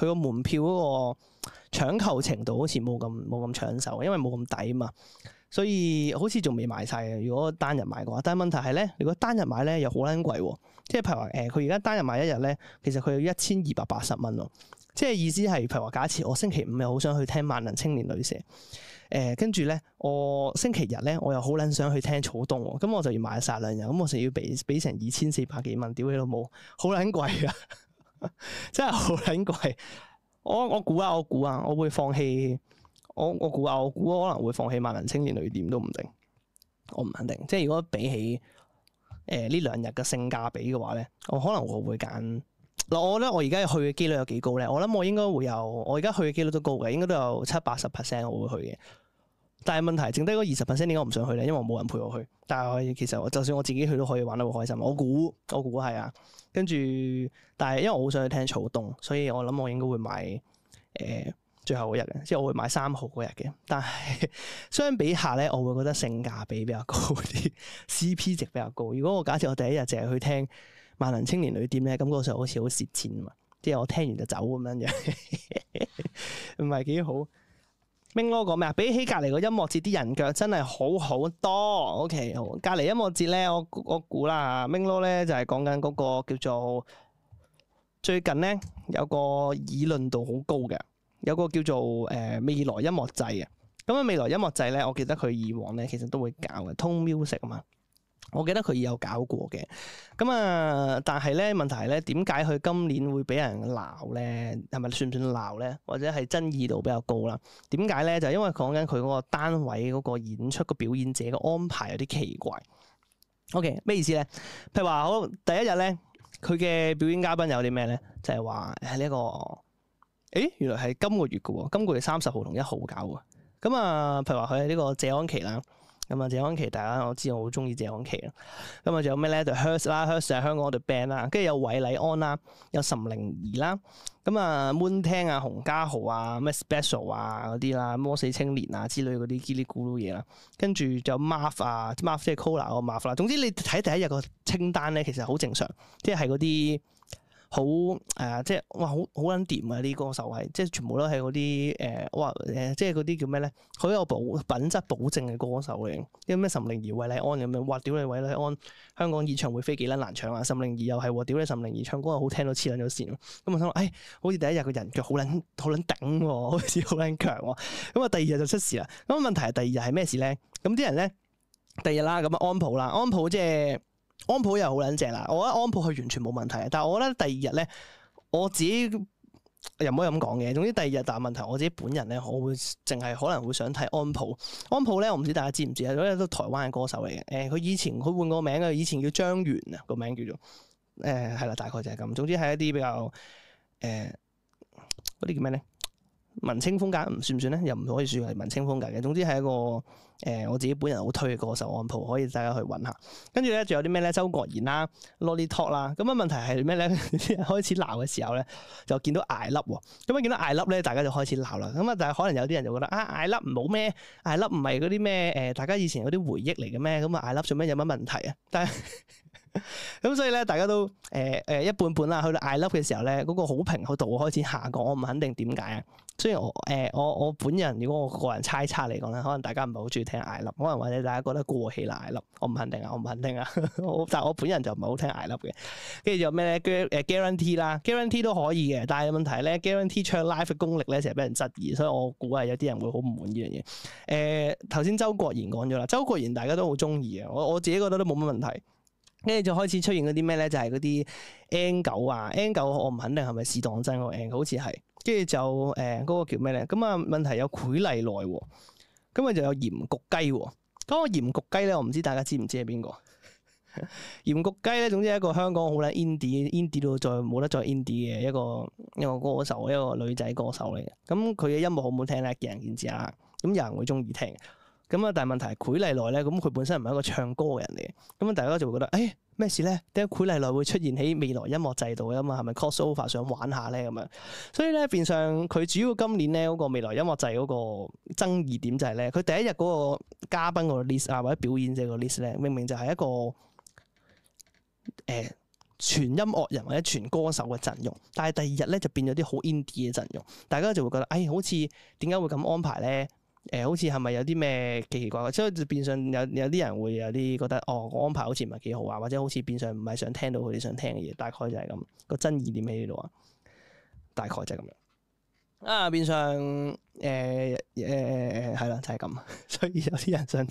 個、呃、門票嗰個搶購程度好似冇咁冇咁搶手，因為冇咁抵嘛。所以好似仲未賣晒，嘅。如果單日買嘅話，但係問題係咧，如果單日買咧又好撚貴喎、啊。即係譬如話誒，佢而家單日買一日咧，其實佢有一千二百八十蚊咯。即係意思係，譬如話，假設我星期五又好想去聽萬能青年旅社，誒，跟住咧，我星期日咧我又好撚想去聽草東喎，咁我就要買晒兩日，咁我就要俾俾成二千四百幾蚊，屌你老母，好撚貴啊！ <laughs> 真係好撚貴。我我估啊，我估啊，我會放棄。我我估啊，我估、啊啊啊啊啊、我估可能會放棄萬能青年旅店都唔定。我唔肯定。即係如果比起誒呢兩日嘅性價比嘅話咧，我可能我會揀。嗱，我覺得我而家去嘅機率有幾高咧？我諗我應該會有，我而家去嘅機率都高嘅，應該都有七八十 percent 我會去嘅。但係問題剩，剩低嗰二十 percent 點解我唔想去咧？因為我冇人陪我去。但係我其實就算我自己去都可以玩得好開心。我估，我估係啊。跟住，但係因為我好想去聽草東，所以我諗我應該會買誒、呃、最後嗰日嘅，即係我會買三號嗰日嘅。但係相比下咧，我會覺得性價比比較高啲 <laughs> ，CP 值比較高。如果我假設我第一日淨係去聽。萬能青年旅店咧，咁嗰時候好似好蝕錢啊嘛！即係我聽完就走咁樣嘅，唔係幾好。明哥講咩啊？比起隔離個音樂節，啲人腳真係好好多。OK，好，隔離音樂節咧，我我估啦嚇。明哥咧就係講緊嗰個叫做最近咧有個議論度好高嘅，有個叫做誒未來音樂祭啊。咁啊，未來音樂祭咧、那個，我記得佢以往咧其實都會搞嘅，通 music 啊嘛。我記得佢有搞過嘅，咁啊，但係咧，問題咧，點解佢今年會俾人鬧咧？係咪算唔算鬧咧？或者係爭議度比較高啦？點解咧？就係因為講緊佢嗰個單位嗰個演出、個表演者嘅安排有啲奇怪。OK，咩意思咧？譬如話，好第一日咧，佢嘅表演嘉賓有啲咩咧？就係話喺呢個，誒、哎、原來係今個月嘅喎，今個月三十號同一號搞嘅。咁啊，譬如話佢喺呢個謝安琪啦。咁啊，謝安琪，大家我知我好中意謝安琪啦。咁啊，仲有咩咧？就 Hers 啦，Hers 喺香港我哋 band 啦，跟住有韋禮安啦，有岑寧兒啦，咁啊 Moon Tang 啊，洪嘉豪啊，咩 special 啊嗰啲啦，魔死青年啊之類嗰啲嘰哩咕嚕嘢啦，跟住就有 Marv 啊，Marv 即係 Cola 個 Marv 啦、啊。總之你睇第一日個清單咧，其實好正常，即係係嗰啲。好誒、啊，即係哇，好好撚掂啊！啲歌手係即係全部都係嗰啲誒，哇誒、呃，即係嗰啲叫咩咧？好有保品質保證嘅歌手嚟，因咩岑寧兒、韋禮安咁樣，哇！屌你韋禮安，香港演唱會飛幾撚難搶啊！岑寧兒又係屌你岑寧兒唱歌又好聽到黐撚咗線、啊。咁我想話，哎，好似第一日個人腳好撚好撚頂喎，好似好撚強喎、啊。咁、嗯、啊，第二日就出事啦。咁問題係第二日係咩事咧？咁、嗯、啲人咧，第二日啦，咁啊安溥啦，安溥即係。安溥又好撚正啦，我覺得安溥係完全冇問題。但係我覺得第二日咧，我自己又唔可以咁講嘅。總之第二日有問題，我自己本人咧，我會淨係可能會想睇安溥。安溥咧，我唔知大家知唔知啊？嗰啲都台灣嘅歌手嚟嘅。誒、欸，佢以前佢換個名嘅，以前叫張懸啊，個名叫做誒，係、欸、啦，大概就係咁。總之係一啲比較誒嗰啲叫咩咧？文青風格唔算唔算咧？又唔可以算係文青風格嘅。總之係一個。誒、呃、我自己本人好推嘅歌手安溥，可以大家去揾下。跟住咧，仲有啲咩咧？周國賢啦，Lolly Talk 啦。咁啊，問題係咩咧？啲人 <laughs> 開始鬧嘅時候咧，就見到艾粒喎。咁啊，見到艾粒咧，大家就開始鬧啦。咁啊，但係可能有啲人就覺得啊，艾粒唔好咩？艾粒唔係嗰啲咩？誒、呃，大家以前嗰啲回憶嚟嘅咩？咁、嗯、啊，艾粒做咩有乜問題啊？但係。 <laughs> 咁、嗯、所以咧，大家都誒誒、呃呃，一半半啦。去到 I love 嘅時候咧，嗰、那個好評嗰度開始下降，我唔肯定點解啊。雖然我誒、呃，我我本人如果我個人猜測嚟講咧，可能大家唔係好中意聽 v e 可能或者大家覺得過氣啦 v e 我唔肯定啊，我唔肯定啊。 <laughs> 但係我本人就唔係好聽 v e 嘅。跟住有咩咧？g u a r a n t e e 啦，guarantee 都可以嘅，但係問題咧，guarantee 唱 live 嘅功力咧，成日俾人質疑，所以我估係有啲人會好唔滿意呢樣嘢。誒、呃，頭先周國賢講咗啦，周國賢大家都好中意啊，我我自己覺得都冇乜問題。跟住就開始出現嗰啲咩咧？就係嗰啲 N 九啊，N 九我唔肯定係咪市當真喎。那個、n 九好似係，跟住就誒嗰、呃那個叫咩咧？咁啊問題有攜例來、哦，咁啊就有鹽焗雞、哦。咁、那個鹽焗雞咧，我唔知大家知唔知係邊個？ <laughs> 鹽焗雞咧，總之係一個香港好叻 indie，indie 到再冇得再 indie 嘅一個一個歌手，一個女仔歌手嚟嘅。咁佢嘅音樂好唔好聽咧？見仁見智啊，咁有人會中意聽。咁啊！但係問題，奎麗奈咧，咁佢本身唔係一個唱歌嘅人嚟嘅，咁啊，大家就會覺得，誒、哎、咩事咧？點解奎麗奈會出現喺未來音樂祭度嘅嘛？係咪 crossover 想玩下咧咁樣？所以咧，變相佢主要今年咧嗰個未來音樂祭嗰個爭議點就係、是、咧，佢第一日嗰個嘉賓個 list 啊，或者表演者個 list 咧，明明就係一個誒、呃、全音樂人或者全歌手嘅陣容，但係第二日咧就變咗啲好 indie 嘅陣容，大家就會覺得，誒、哎、好似點解會咁安排咧？誒、呃，好似係咪有啲咩奇奇怪怪？所以變相有有啲人會有啲覺得，哦，個安排好似唔係幾好啊，或者好似變相唔係想聽到佢哋想聽嘅嘢，大概就係咁。個爭議點喺呢度啊，大概就係咁。啊，變相誒誒係啦，就係、是、咁。所以有啲人想，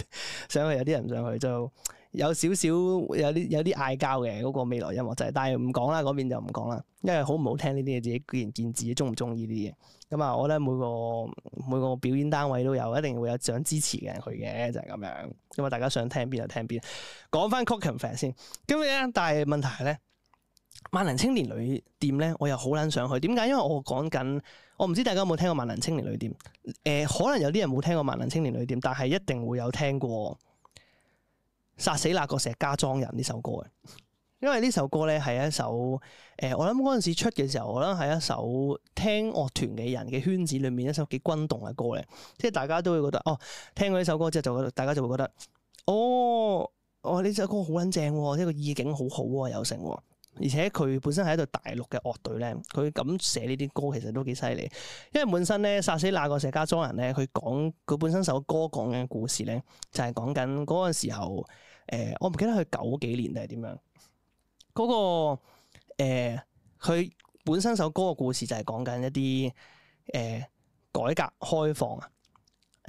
上去，有啲人唔想去就。有少少有啲有啲嗌交嘅嗰個未來音樂節，但係唔講啦，嗰邊就唔講啦，因為好唔好聽呢啲嘢，自己見仁見智中唔中意呢啲嘢。咁、嗯、啊，我咧每個每個表演單位都有，一定會有想支持嘅人去嘅，就係、是、咁樣。因、嗯、為大家想聽邊就聽邊。講翻 Cooking Fan 先，咁、嗯、咧，但係問題係咧，萬能青年旅店咧，我又好撚想去。點解？因為我講緊，我唔知大家有冇聽過萬能青年旅店。誒、呃，可能有啲人冇聽過萬能青年旅店，但係一定會有聽過。殺死那個石家莊人呢首歌嘅，因為呢首歌咧係一首誒、呃,我諗嗰陣時出嘅時候我諗，係一首聽樂團嘅人嘅圈子裏面一首幾轟動嘅歌嚟，即係大家都會覺得哦，聽過呢首歌之後就大家就會覺得，哦，哦呢首歌好撚正，一個意境好好有成剩，而且佢本身係一隊大陸嘅樂隊咧，佢咁寫呢啲歌其實都幾犀利，因為本身咧殺死那個石家莊人咧，佢講佢本身首歌講嘅故事咧就係講緊嗰陣時候。誒、呃，我唔記得佢九幾年定係點樣，嗰個誒，佢本身首歌嘅故事就係講緊一啲誒改革開放啊。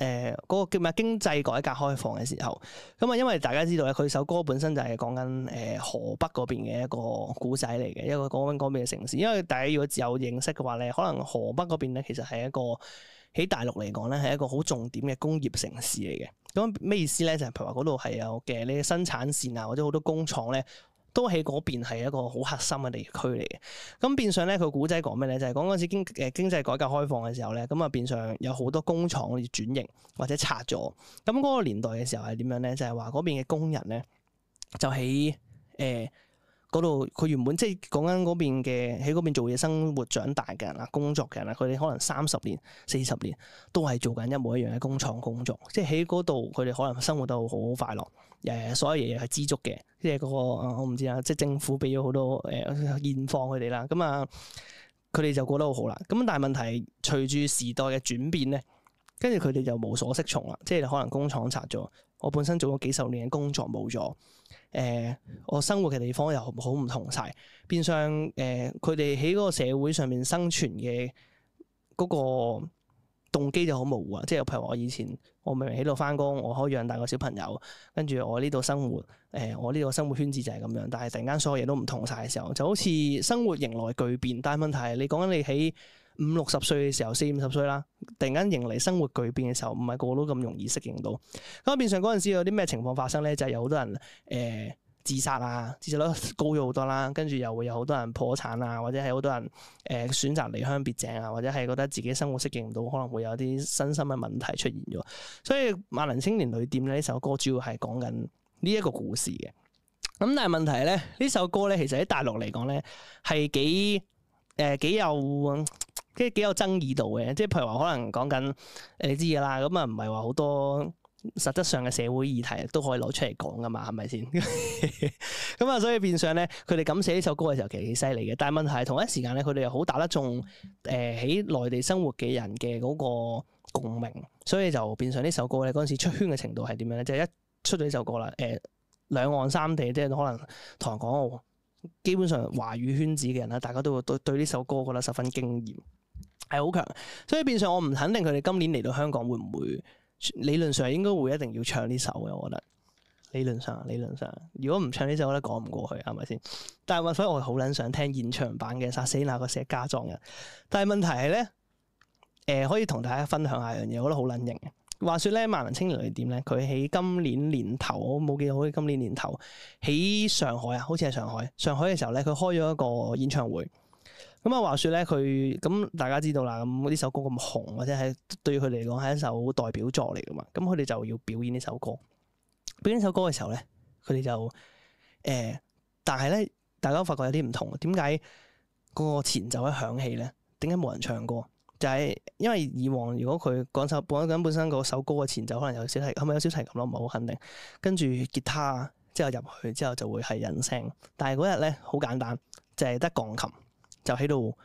誒，嗰個叫咩？經濟改革開放嘅時候，咁啊，因為大家知道咧，佢首歌本身就係講緊誒河北嗰邊嘅一個古仔嚟嘅，一個講緊嗰邊嘅城市。因為大家如果自有認識嘅話咧，可能河北嗰邊咧其實係一個喺大陸嚟講咧係一個好重點嘅工業城市嚟嘅。咁咩意思咧？就係譬如話嗰度係有嘅呢啲生產線啊，或者好多工廠咧。都喺嗰邊係一個好核心嘅地區嚟嘅，咁變相咧佢古仔講咩咧？就係講嗰陣時經誒、呃、經濟改革開放嘅時候咧，咁啊變上有好多工廠要轉型或者拆咗，咁嗰個年代嘅時候係點樣咧？就係話嗰邊嘅工人咧就喺誒。呃嗰度佢原本即係講緊嗰邊嘅喺嗰邊做嘢、生活、長大嘅人啦，工作嘅人啦，佢哋可能三十年、四十年都係做緊一模一樣嘅工廠工作，即係喺嗰度佢哋可能生活得好快樂，誒，所有嘢係知足嘅，即係嗰、嗰個、嗯、我唔知啦，即係政府俾咗好多誒、呃、現況佢哋啦，咁啊佢哋就過得好好啦。咁但係問題隨住時代嘅轉變咧，跟住佢哋就無所適從啦，即係可能工廠拆咗，我本身做咗幾十年嘅工作冇咗。誒、呃，我生活嘅地方又好唔同晒。變相誒佢哋喺嗰個社會上面生存嘅嗰個動機就好模糊啊！即係譬如我以前我明明喺度翻工，我可以養大個小朋友，跟住我呢度生活，誒、呃、我呢度生活圈子就係咁樣，但係突然間所有嘢都唔同晒嘅時候，就好似生活迎來巨變。但係問題係，你講緊你喺～五六十歲嘅時候，四五十歲啦，突然間迎嚟生活巨變嘅時候，唔係個個都咁容易適應到。咁變相嗰陣時有啲咩情況發生咧？就係、是、有好多人誒、呃、自殺啊，自殺率高咗好多啦、啊。跟住又會有好多人破產啊，或者係好多人誒、呃、選擇離鄉別井啊，或者係覺得自己生活適應唔到，可能會有啲身心嘅問題出現咗。所以《萬能青年旅店》咧呢首歌主要係講緊呢一個故事嘅。咁、嗯、但係問題咧，呢首歌咧其實喺大陸嚟講咧係幾誒、呃、幾有。即係幾有爭議度嘅，即係譬如話可能講緊你知嘅啦，咁啊唔係話好多實質上嘅社會議題都可以攞出嚟講噶嘛，係咪先？咁啊，所以變相咧，佢哋咁寫呢首歌嘅時候其實幾犀利嘅。但係問題係同一時間咧，佢哋又好打得中誒喺、呃、內地生活嘅人嘅嗰個共鳴，所以就變相呢首歌咧嗰陣時出圈嘅程度係點樣咧？即、就、係、是、一出咗呢首歌啦，誒、呃、兩岸三地即係可能台灣、港澳，基本上華語圈子嘅人咧，大家都會對對呢首歌覺得十分驚豔。係好強，所以變相我唔肯定佢哋今年嚟到香港會唔會，理論上應該會，一定要唱呢首嘅。我覺得理論上，理論上，如果唔唱呢首，我覺得講唔過去，係咪先？但係所以我好捻想聽現場版嘅《殺死那個石家莊人》，但係問題係咧，誒、呃，可以同大家分享一下一樣嘢，我覺得好捻型。話說咧，萬能青年旅店咧，佢喺今年年頭，我冇記到，好似今年年頭喺上海啊，好似係上海，上海嘅時候咧，佢開咗一個演唱會。咁啊，話説咧，佢咁大家知道啦。咁呢首歌咁紅，或者係對佢嚟講係一首代表作嚟㗎嘛。咁佢哋就要表演呢首歌。表演呢首歌嘅時候咧，佢哋就誒、欸，但係咧，大家都發覺有啲唔同。點解嗰個前奏一響起咧，點解冇人唱歌？就係、是、因為以往如果佢講首講緊本身嗰首歌嘅前奏，可能有小提，係咪有小提琴咯？唔係好肯定。跟住吉他之後入去之後就會係人聲，但係嗰日咧，好簡單，就係、是、得鋼琴。就喺度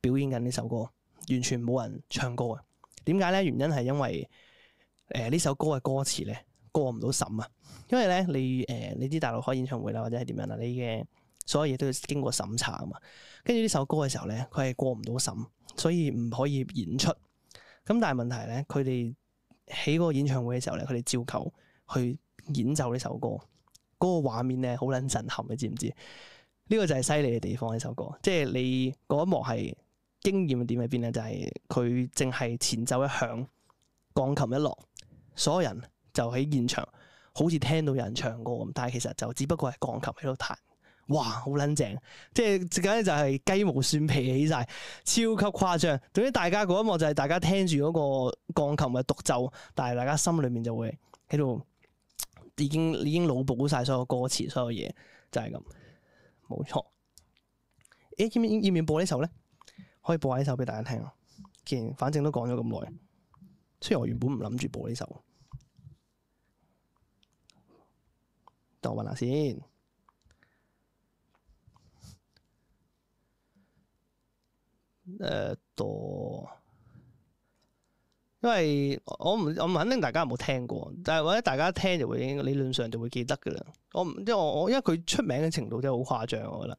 表演緊呢首歌，完全冇人唱歌嘅。點解咧？原因係因為誒呢、呃、首歌嘅歌詞咧過唔到審啊。因為咧你誒、呃、你啲大陸開演唱會啦或者係點樣啦，你嘅所有嘢都要經過審查啊嘛。跟住呢首歌嘅時候咧，佢係過唔到審，所以唔可以演出。咁但係問題咧，佢哋喺嗰個演唱會嘅時候咧，佢哋照舊去演奏呢首歌，嗰、那個畫面咧好撚震撼，你知唔知？呢個就係犀利嘅地方，呢首歌，即係你嗰一幕係經驗點喺邊咧？就係佢淨係前奏一響，鋼琴一落，所有人就喺現場，好似聽到有人唱歌咁，但係其實就只不過係鋼琴喺度彈，哇，好撚正！即係簡直就係雞毛蒜皮起晒，超級誇張。總之大家嗰一幕就係大家聽住嗰個鋼琴嘅獨奏，但係大家心裏面就會喺度已經已經腦補晒所有歌詞、所有嘢，就係、是、咁。冇錯，A K M 要唔要播呢首咧？可以播下呢首俾大家聽。既然反正都講咗咁耐，雖然我原本唔諗住播呢首，等我問下先。誒、呃，到。因為我唔，我唔肯定大家有冇聽過，但係或者大家聽就會，理論上就會記得㗎啦。我唔，即係我我，因為佢出名嘅程度真係好誇張我覺得。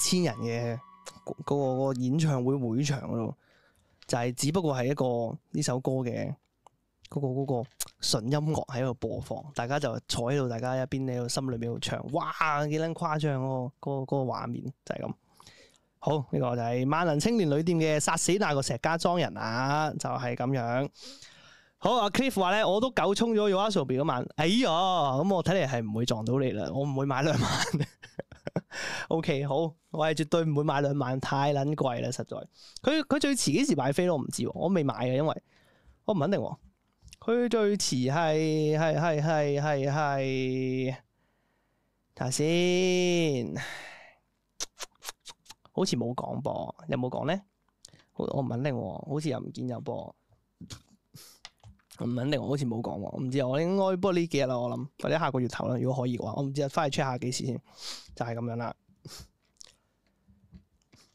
千人嘅嗰個個演唱會會場咯，就係、是、只不過係一個呢首歌嘅嗰、那個嗰、那個純音樂喺度播放，大家就坐喺度，大家一邊喺度心裏面度唱，哇，幾撚誇張哦！嗰、那個嗰、那個畫面就係咁。好，呢、這個就係萬能青年旅店嘅殺死那個石家莊人啊，就係、是、咁樣。好，阿 Cliff 話咧，我都九沖咗 Ursulb 一萬，哎呀，咁我睇嚟係唔會撞到你啦，我唔會買兩萬。 <laughs> <laughs> o、okay, K，好，我係絕對唔會買兩萬，太撚貴啦，實在。佢佢最遲幾時買飛咯？我唔知，我未買嘅，因為我唔肯定。佢最遲係係係係係，睇下先，好似冇講噃，有冇講咧？我我唔肯定，好似又唔見有噃。唔肯定，我好似冇講喎，我唔知，我應該不過呢幾日啦，我諗或者下個月頭啦，如果可以嘅話，我唔知返去 check 下幾時先，就係、是、咁樣啦。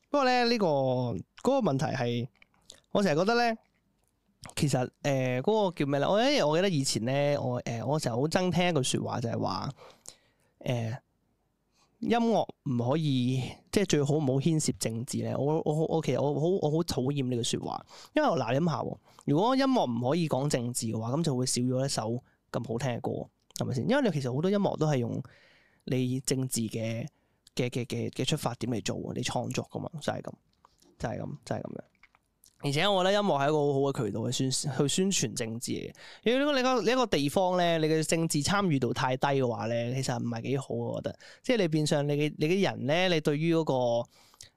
不過咧，呢、這個嗰、那個問題係，我成日覺得咧，其實誒嗰、呃那個叫咩咧？我誒我記得以前咧，我誒、呃、我成日好憎聽一句説話，就係話誒。呃音樂唔可以即係最好唔好牽涉政治咧，我我我其實我好我好討厭呢個説話，因為嗱你諗下，如果音樂唔可以講政治嘅話，咁就會少咗一首咁好聽嘅歌，係咪先？因為你其實好多音樂都係用你政治嘅嘅嘅嘅嘅出發點嚟做你創作噶嘛，就係咁，就係咁，就係咁樣。而且我覺得音樂係一個好好嘅渠道去宣去宣傳政治嘅。如果你個你一個地方咧，你嘅政治參與度太低嘅話咧，其實唔係幾好。我覺得，即係你變相你嘅你嘅人咧，你對於嗰、嗰個、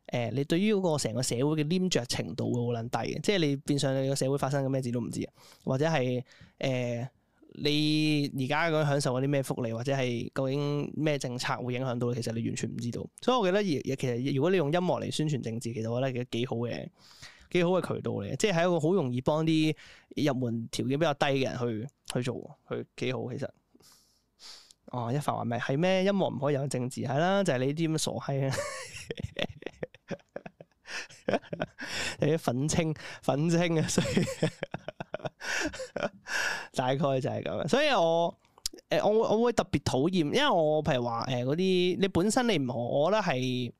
呃、你對於嗰個成個社會嘅黏着程度會好撚低嘅。即係你變相你個社會發生嘅咩事都唔知啊，或者係誒、呃、你而家咁享受嗰啲咩福利，或者係究竟咩政策會影響到？其實你完全唔知道。所以我覺得，其實如果你用音樂嚟宣傳政治，其實我覺得其實幾好嘅。幾好嘅渠道嚟，即係喺一個好容易幫啲入門條件比較低嘅人去去做，去幾好其實。哦，一發話咩係咩音樂唔可以有政治係啦，就係、是、你啲咁嘅傻閪啊！ <laughs> <laughs> 你要憤青憤青啊，所以 <laughs> 大概就係咁。所以我誒，我我會，我會特別討厭，因為我譬如話誒嗰啲，你本身你唔好，我覺得係。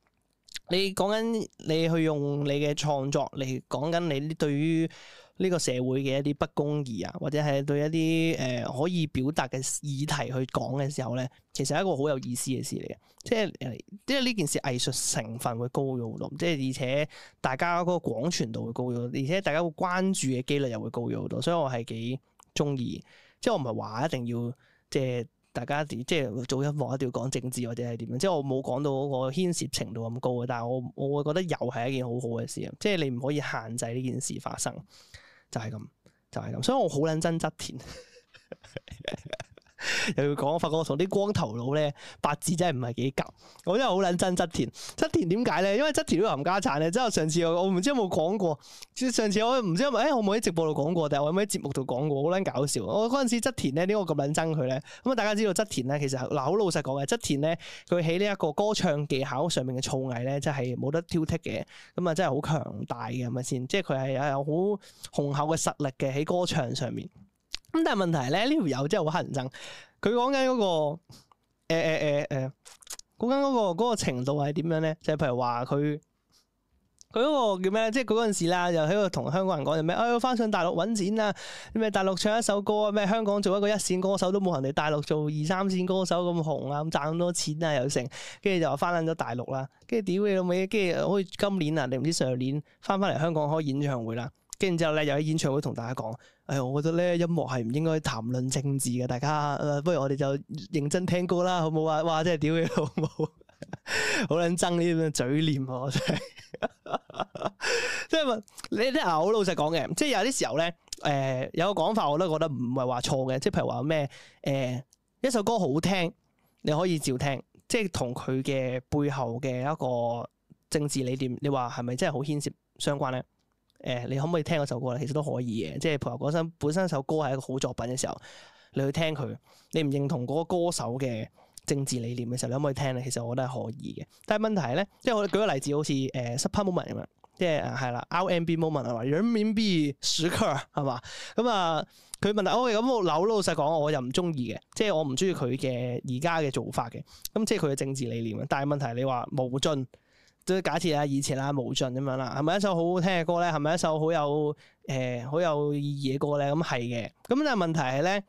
你講緊你去用你嘅創作嚟，講緊你啲對於呢個社會嘅一啲不公義啊，或者係對一啲誒、呃、可以表達嘅議題去講嘅時候咧，其實係一個好有意思嘅事嚟嘅，即係即係呢件事藝術成分會高咗好多，即係而且大家嗰個廣傳度會高咗，而且大家會關注嘅幾率又會高咗好多，所以我係幾中意，即係我唔係話一定要即係。大家即係做音樂一定要講政治或者係點樣，即係我冇講到嗰個牽涉程度咁高嘅，但係我我會覺得又係一件好好嘅事啊！即係你唔可以限制呢件事發生，就係咁，就係咁，所以我好撚憎側田。 <laughs> <music> 又要講，我發覺我同啲光頭佬咧，八字真係唔係幾夾。我真係好捻憎側田。側田點解咧？因為側田呢個冚家產咧，即係上次我唔知有冇講過。上次我唔知因為、欸、我冇喺直播度講過，但係我有冇喺咩節目度講過，好捻搞笑。我嗰陣時側田咧呢個咁捻憎佢咧，咁啊大家知道側田咧其實嗱好老實講嘅，側田咧佢喺呢一個歌唱技巧上面嘅造詣咧，真係冇得挑剔嘅。咁啊真係好強大嘅，係咪先？即係佢係有好雄厚嘅實力嘅喺歌唱上面。咁但係問題咧，呢條友真係好乞人憎。佢講緊嗰個誒誒誒誒，講緊嗰個、嗰個程度係點樣咧？就係、譬如話佢佢嗰個叫咩即係嗰陣時啦，又喺度同香港人講又咩？我翻上大陸揾錢啊！咩大陸唱一首歌啊？咩香港做一個一綫歌手都冇人哋大陸做二三綫歌手咁紅啊！咁賺咁多錢啊！又成，跟住就話翻返咗大陸啦。跟住屌你老味！跟住好似今年啊定唔知上年翻翻嚟香港開演唱會啦。跟住之後咧，又喺演唱會同大家講，誒、哎，我覺得咧音樂係唔應該談論政治嘅，大家不如我哋就認真聽歌啦，好冇啊？哇，即係屌你老母，好撚憎呢啲咁嘅嘴臉喎，我真係，即係問你啲好老實講嘅，即係有啲時候咧，誒、呃、有個講法我都覺得唔係話錯嘅，即係譬如話咩誒，一首歌好聽，你可以照聽，即係同佢嘅背後嘅一個政治理念，你話係咪真係好牽涉相關咧？誒，你可唔可以聽嗰首歌咧？其實都可以嘅，即係譬如講本身首歌係一個好作品嘅時候，你去聽佢，你唔認同嗰個歌手嘅政治理念嘅時候，你可唔可以聽咧？其實我覺得係可以嘅。但係問題咧，即係我哋舉個例子，好似誒 Supper Moment 咁樣、啊啊嗯呃哦，即係係啦，RMB Moment 係嘛，RMB Sugar 係嘛，咁啊，佢問啊，OK，咁我扭，老實講，我又唔中意嘅，即係我唔中意佢嘅而家嘅做法嘅。咁即係佢嘅政治理念。但係問題係你話冇盡。都假設啊，以前啦無盡咁樣啦，係咪一首好好聽嘅歌咧？係咪一首好有誒、呃、好有意義嘅歌咧？咁係嘅。咁但係問題係咧，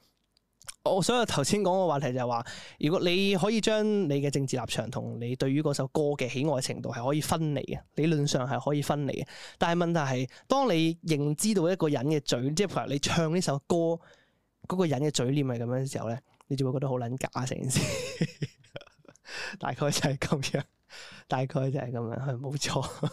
我所以頭先講個話題就係話，如果你可以將你嘅政治立場同你對於嗰首歌嘅喜愛程度係可以分離嘅，理論上係可以分離嘅。但係問題係，當你認知道一個人嘅嘴，即係譬如你唱呢首歌嗰、嗰個人嘅嘴臉係咁樣嘅時候咧，你就會覺得好撚假成件事， <laughs> 大概就係咁樣。大概就係咁樣，係冇錯，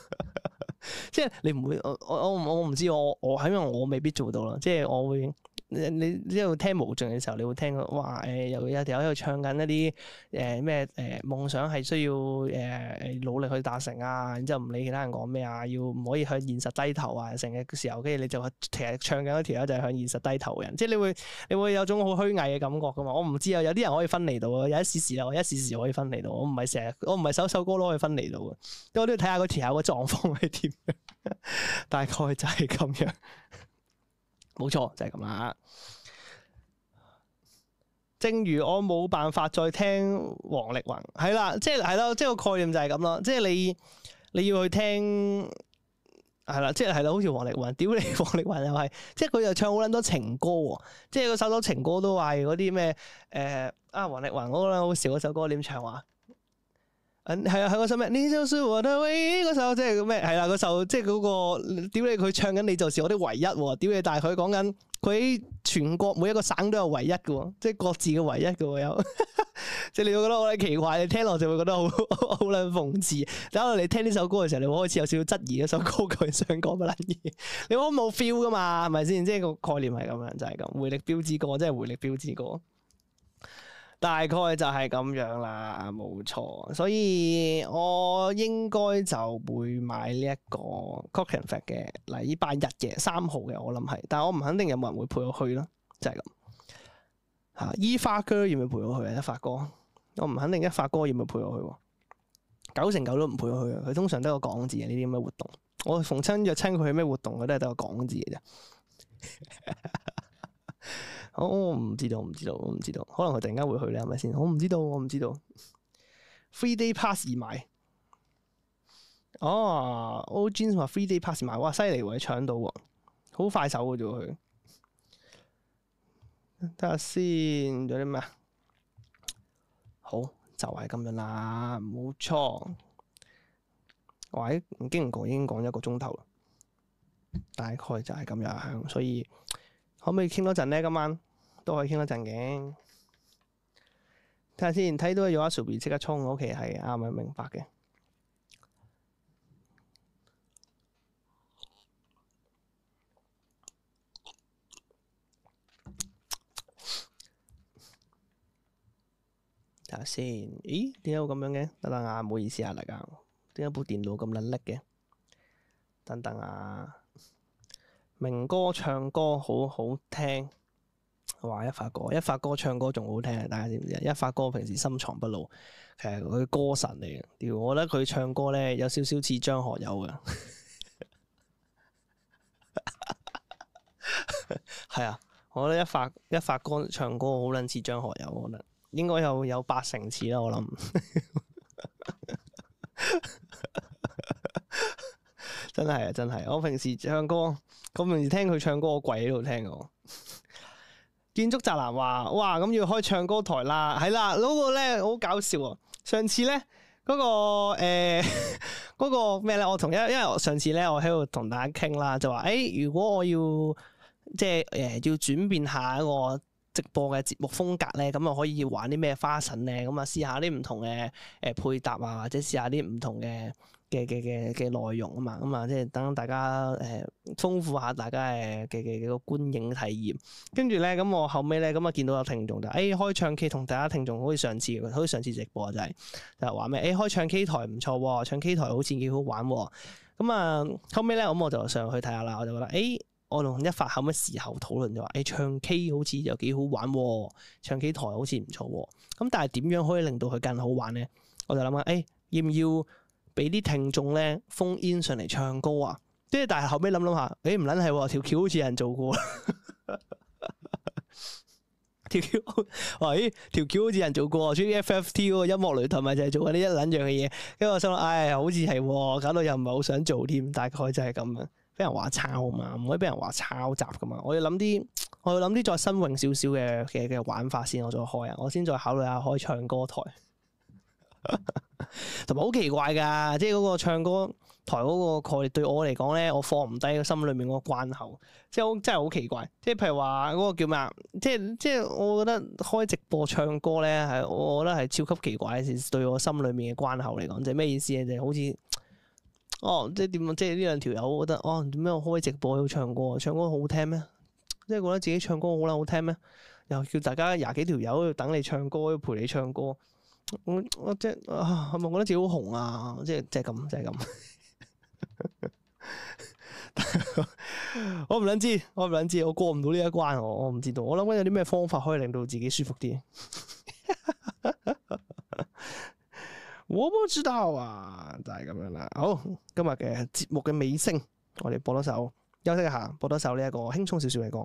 即係你唔會，我我我唔我唔知，我我係因為我未必做到啦，即係我會。你你一路聽無盡嘅時候，你會聽到哇誒、呃，有有條友喺度唱緊一啲誒咩誒夢想係需要誒、呃、努力去達成啊，然之後唔理其他人講咩啊，要唔可以向現實低頭啊成日時候，跟住你就話其實唱緊嗰條友就係向現實低頭嘅人，即係你會你會有種好虛偽嘅感覺噶嘛？我唔知啊，有啲人可以分離到啊，有一時時啊，我一時時可以分離到，我唔係成日，我唔係首首歌都可以分離到嘅，因為我都要睇下嗰條友嘅狀況係點樣， <laughs> 大概就係咁樣。冇錯，就係咁啦。正如我冇辦法再聽王力宏，係啦，即係係咯，即係個概念就係咁咯。即係你你要去聽係啦，即係係咯，好似王力宏，屌你王力宏又係，即係佢又唱好撚多情歌喎。即係佢首首情歌都話係嗰啲咩誒啊王力宏嗰個啦，好笑嗰首歌點唱話、啊？係啊，喺我心咩？你呢首《s u p e 嗰首，即係咩、那個？係啦，嗰首即係嗰個屌你，佢唱緊你就是我的唯一。屌你，但係佢講緊佢全國每一個省都有唯一嘅，即係各自嘅唯一嘅。有， <laughs> 即係你會覺得好奇怪，你聽落就會覺得好好撚諷刺。等你聽呢首歌嘅時候，你會開始有少少質疑呢首歌佢想講乜嘢。你好冇 feel 噶嘛？係咪先？即係個概念係咁樣，就係、是、咁。回力標誌歌，即係回力標誌歌。大概就係咁樣啦，冇錯，所以我應該就會買呢一個 conference 嘅，嗱，禮拜日嘅三號嘅，我諗係，但係我唔肯定有冇人會陪我去咯，就係、是、咁。啊，依花 girl 要唔要陪我去啊？一發哥，我唔肯定，一發哥要唔要陪我去？九成九都唔陪我去嘅，佢通常都有個講字嘅呢啲咁嘅活動。我逢親約親佢去咩活動，佢都係得個講字嘅。 <laughs> 哦、我唔知道，唔知道，我唔知道。可能佢突然間會去咧，係咪先？我唔知道，我唔知道。Three day pass 買，哦，O Jeans 話 three day pass 買，哇，犀利喎，搶到喎，好快手嘅啫喎。睇下先，有啲咩？好，就係咁樣啦，冇錯。喂，唔經唔覺已經講一個鐘頭啦，大概就係咁樣，所以可唔可以傾多陣咧？今晚？都可以傾一陣嘅，睇下先。睇到有阿 Super 即刻衝，我其實係啱啱明白嘅。睇下先，咦？點解會咁樣嘅？等等啊，唔好意思啊，大家，點解部電腦咁撚叻嘅？等等啊，明哥唱歌好好聽。話一發哥，一發哥唱歌仲好聽，大家知唔知啊？一發哥平時深藏不露，其實佢歌神嚟嘅。屌，我覺得佢唱歌咧有少少似張學友嘅。係 <laughs> 啊，我覺得一發一發哥唱歌好撚似張學友，我覺得應該有有八成似啦，我諗。 <laughs> 真係啊，真係！我平時唱歌，我平時聽佢唱歌，我鬼喺度聽我。建築宅男話：哇，咁要開唱歌台啦，係、那、啦、個，嗰個咧好搞笑啊！上次咧嗰、那個誒嗰、欸那個咩咧，我同一因為我上次咧我喺度同大家傾啦，就話誒、欸，如果我要即係誒、呃、要轉變一下一個直播嘅節目風格咧，咁啊可以玩啲咩花神咧，咁啊試一下啲唔同嘅誒、呃、配搭啊，或者試一下啲唔同嘅。嘅嘅嘅嘅內容啊嘛，咁啊，即係等大家誒、呃、豐富下大家誒嘅嘅個觀影體驗。跟住咧，咁我後尾咧，咁啊見到有聽眾就誒、是、開、哎、唱 K，同大家聽眾好似上次好似上次直播就係、是、就話咩誒開唱 K 台唔錯、哦，唱 K 台好似幾好玩、哦。咁啊後尾咧，咁我就上去睇下啦，我就覺得誒、哎、我同一發喺嘅時候討論、哎、就話誒唱 K 好似又幾好玩、哦，唱 K 台好似唔錯。咁但係點樣可以令到佢更好玩咧？我就諗下：哎「誒要唔要？俾啲聽眾咧封煙上嚟唱歌啊！即係但係後尾諗諗下，誒唔卵係，條橋、哦、好似有人做過。條 <laughs> 橋，喂、哦，條、欸、橋好似有人做過，做啲 FFT 嗰個音樂擂台咪就係做緊呢一卵樣嘅嘢。跟住我心諗，唉、哎，好似係、哦，搞到又唔係好想做添。大概就係咁樣，俾人話抄嘛，唔可以俾人話抄襲噶嘛。我要諗啲，我要諗啲再新穎少少嘅嘅嘅玩法先，我再開啊！我先再考慮下開唱歌台。同埋好奇怪噶，即係嗰個唱歌台嗰個概念，對我嚟講咧，我放唔低個心裏面個關口，即係好真係好奇怪。即係譬如話嗰個叫咩啊？即係即係我覺得開直播唱歌咧，係我覺得係超級奇怪嘅事。對我心裏面嘅關口嚟講，就係咩意思啊？就好似哦，即係點啊？即係呢兩條友覺得哦，點解我開直播要唱歌？唱歌好好聽咩？即係覺得自己唱歌好啦，好聽咩？又叫大家廿幾條友要等你唱歌，陪你唱歌。嗯、我我即係，係咪覺得自己好紅啊？即係即係咁，即係咁。 <laughs> 我唔捻知，我唔捻知，我過唔到呢一關，我我唔知道。我諗緊有啲咩方法可以令到自己舒服啲。 <laughs> 我都知道啊，就係、是、咁樣啦。好，今日嘅節目嘅尾聲，我哋播多首休息一下，播多首呢一個輕鬆少少嘅歌。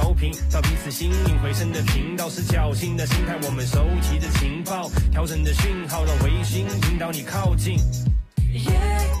調頻到彼此心靈回聲的頻道，是僥幸的心態。我們收集的情報，調整的訊號，讓回音引導你靠近。Yeah.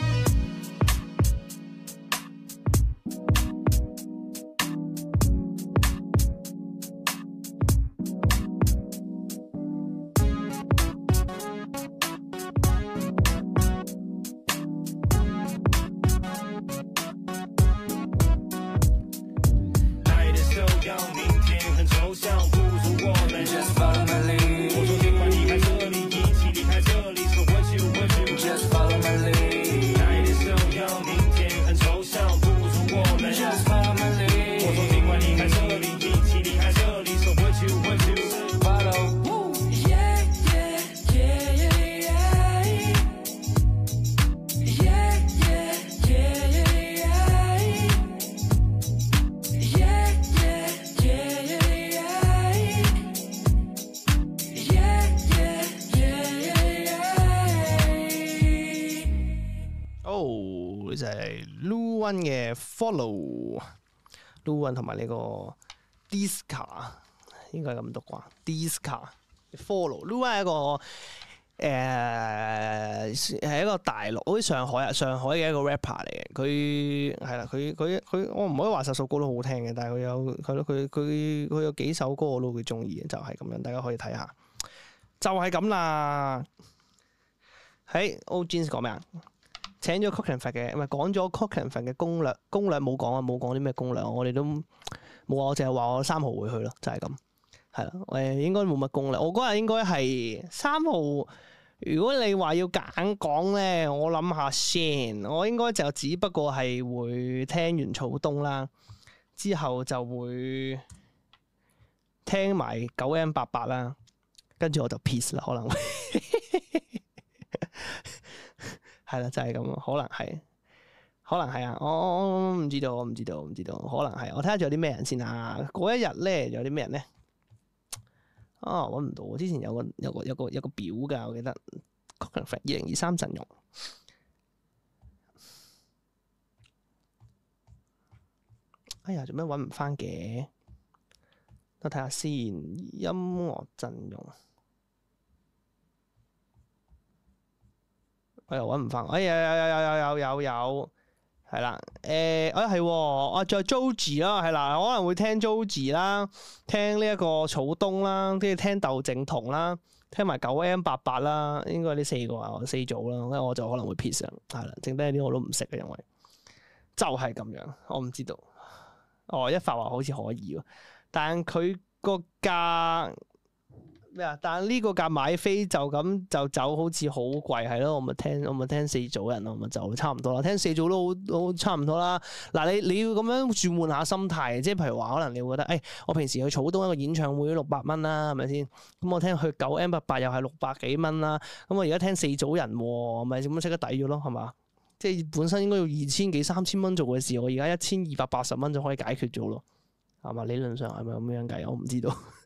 Follow，Lu1 同埋呢個 Dizkar，應該咁讀啩。Dizkar，Follow，Lu1 係一個誒，係、呃、一個大陸，好似上海啊，上海嘅一個 rapper 嚟嘅。佢係啦，佢佢佢，我唔可以實話實，首歌都好聽嘅。但係佢有，係咯，佢佢佢有幾首歌我都會中意嘅，就係、是、咁樣。大家可以睇下，就係、是、咁啦。喺、hey, Old Jeans 講咩啊？請咗 Clockenflap 嘅，唔係講咗 Clockenflap 嘅攻略，攻略冇講啊，冇講啲咩攻略，我哋都冇啊，我淨係話我三號會去咯，就係、是、咁，係啦，誒應該冇乜攻略，我嗰日應該係三號。如果你話要夾硬講咧，我諗下先，我應該就只不過係會聽完草東啦，之後就會聽埋九 M 八八啦，跟住我就 peace 啦，可能。 <laughs> 係啦，就係咁，可能係，可能係啊，我我我唔知道，我唔知道，唔知道，可能係。我睇下仲有啲咩人先啊。嗰一日咧，有啲咩人咧？啊，揾唔到。之前有個有個有個有個表噶，我記得。二零二三陣容。哎呀，做咩揾唔翻嘅？我睇下先，音樂陣容。我又揾唔翻，哎呀，有有有有有有有，係啦，誒、欸哎，我係，我再 Joji 啦，係啦，可能會聽 Joji 啦，聽呢一個草東啦，跟住聽竇靖童啦，聽埋 9M88 啦，應該呢四個啊四組啦，咁我就可能會 piece 係啦，剩低啲我都唔識嘅，因為就係咁樣，我唔知道，哦，一發話好似可以，但佢個價。咩啊？但係呢個價買飛就咁就走好，好似好貴係咯。我咪聽我咪聽四組人咯，咪就差唔多啦。聽四組都好，都差唔多啦。嗱，你你要咁樣轉換下心態，即係譬如話，可能你會覺得，誒、欸，我平時去草東一個演唱會六百蚊啦，係咪先？咁我聽去九 M 八八又係六百幾蚊啦。咁我而家聽四組人，咪咁即刻抵咗咯，係嘛？即係本身應該要二千幾三千蚊做嘅事，我而家一千二百八十蚊就可以解決咗咯，係嘛？理論上係咪咁樣計？我唔知道。 <laughs>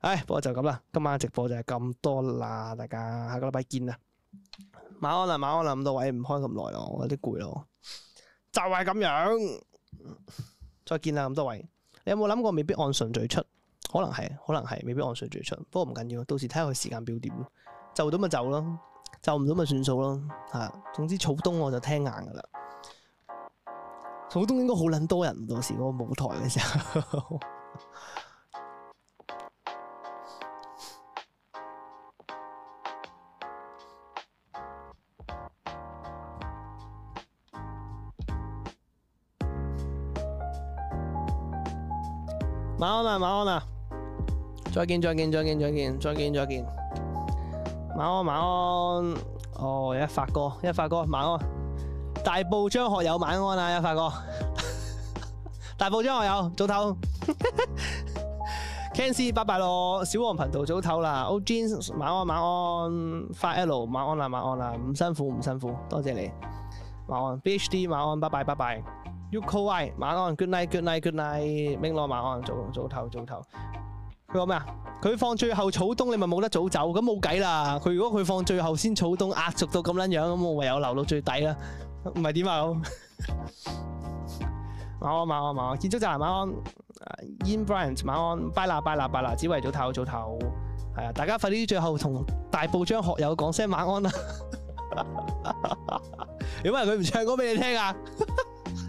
唉、 <laughs> 哎，不過就咁啦，今晚直播就係咁多啦，大家下個禮拜見啦。晚安啦，晚安啦，咁多位唔開咁耐咯，我有啲攰咯，就係咁樣， <laughs> 再見啦，咁多位。你有冇諗過未必按順序出？可能係，可能係，未必按順序出。不過唔緊要，到時睇下佢時間表點，就到咪就咯，就唔到咪算數咯。吓，總之草東我就聽硬噶啦。草東應該好捻多人，到時嗰個舞台嘅時候。 <laughs> 晚安啊！再見，再見，再見，再見，再見，再見。晚安，晚安。哦，一發哥，一發哥，晚安。大埔張學友晚安啊，一發哥。 <laughs> 大埔張學友早唞。 <laughs> KNC 拜拜咯，小王頻道早唞啦。o g e n s 晚安，晚安。Five L 晚安啦，晚安啦。唔辛苦，唔辛苦，多謝你。晚安，BHD 晚安，拜拜，拜拜。要 call 晚安 good night good night good night，明浪晚安，早，早唞，早唞。佢話咩啊？佢放最後草東，你咪冇得早走，咁冇計啦！佢如果佢放最後先草東壓軸，到咁樣樣咁我唯有留到最底啦，唔係點啊？晚安，晚安，晚安！建築站晚安 i n b r a n d 晚安，拜啦，拜啦，拜啦！只為早唞，早唞，係啊！大家快啲最後同大報張學友講聲晚安啦！點解佢唔唱歌俾你聽啊？ <laughs>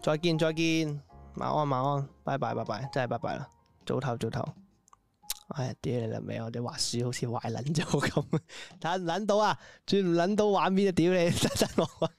再見再見，晚安晚安，拜拜拜拜，真係拜拜啦！早唞早唞，哎呀屌你老味，我哋滑鼠好似壞捻咗咁，睇 <laughs> 捻到啊，轉唔捻到畫面就屌你，真我。 <laughs>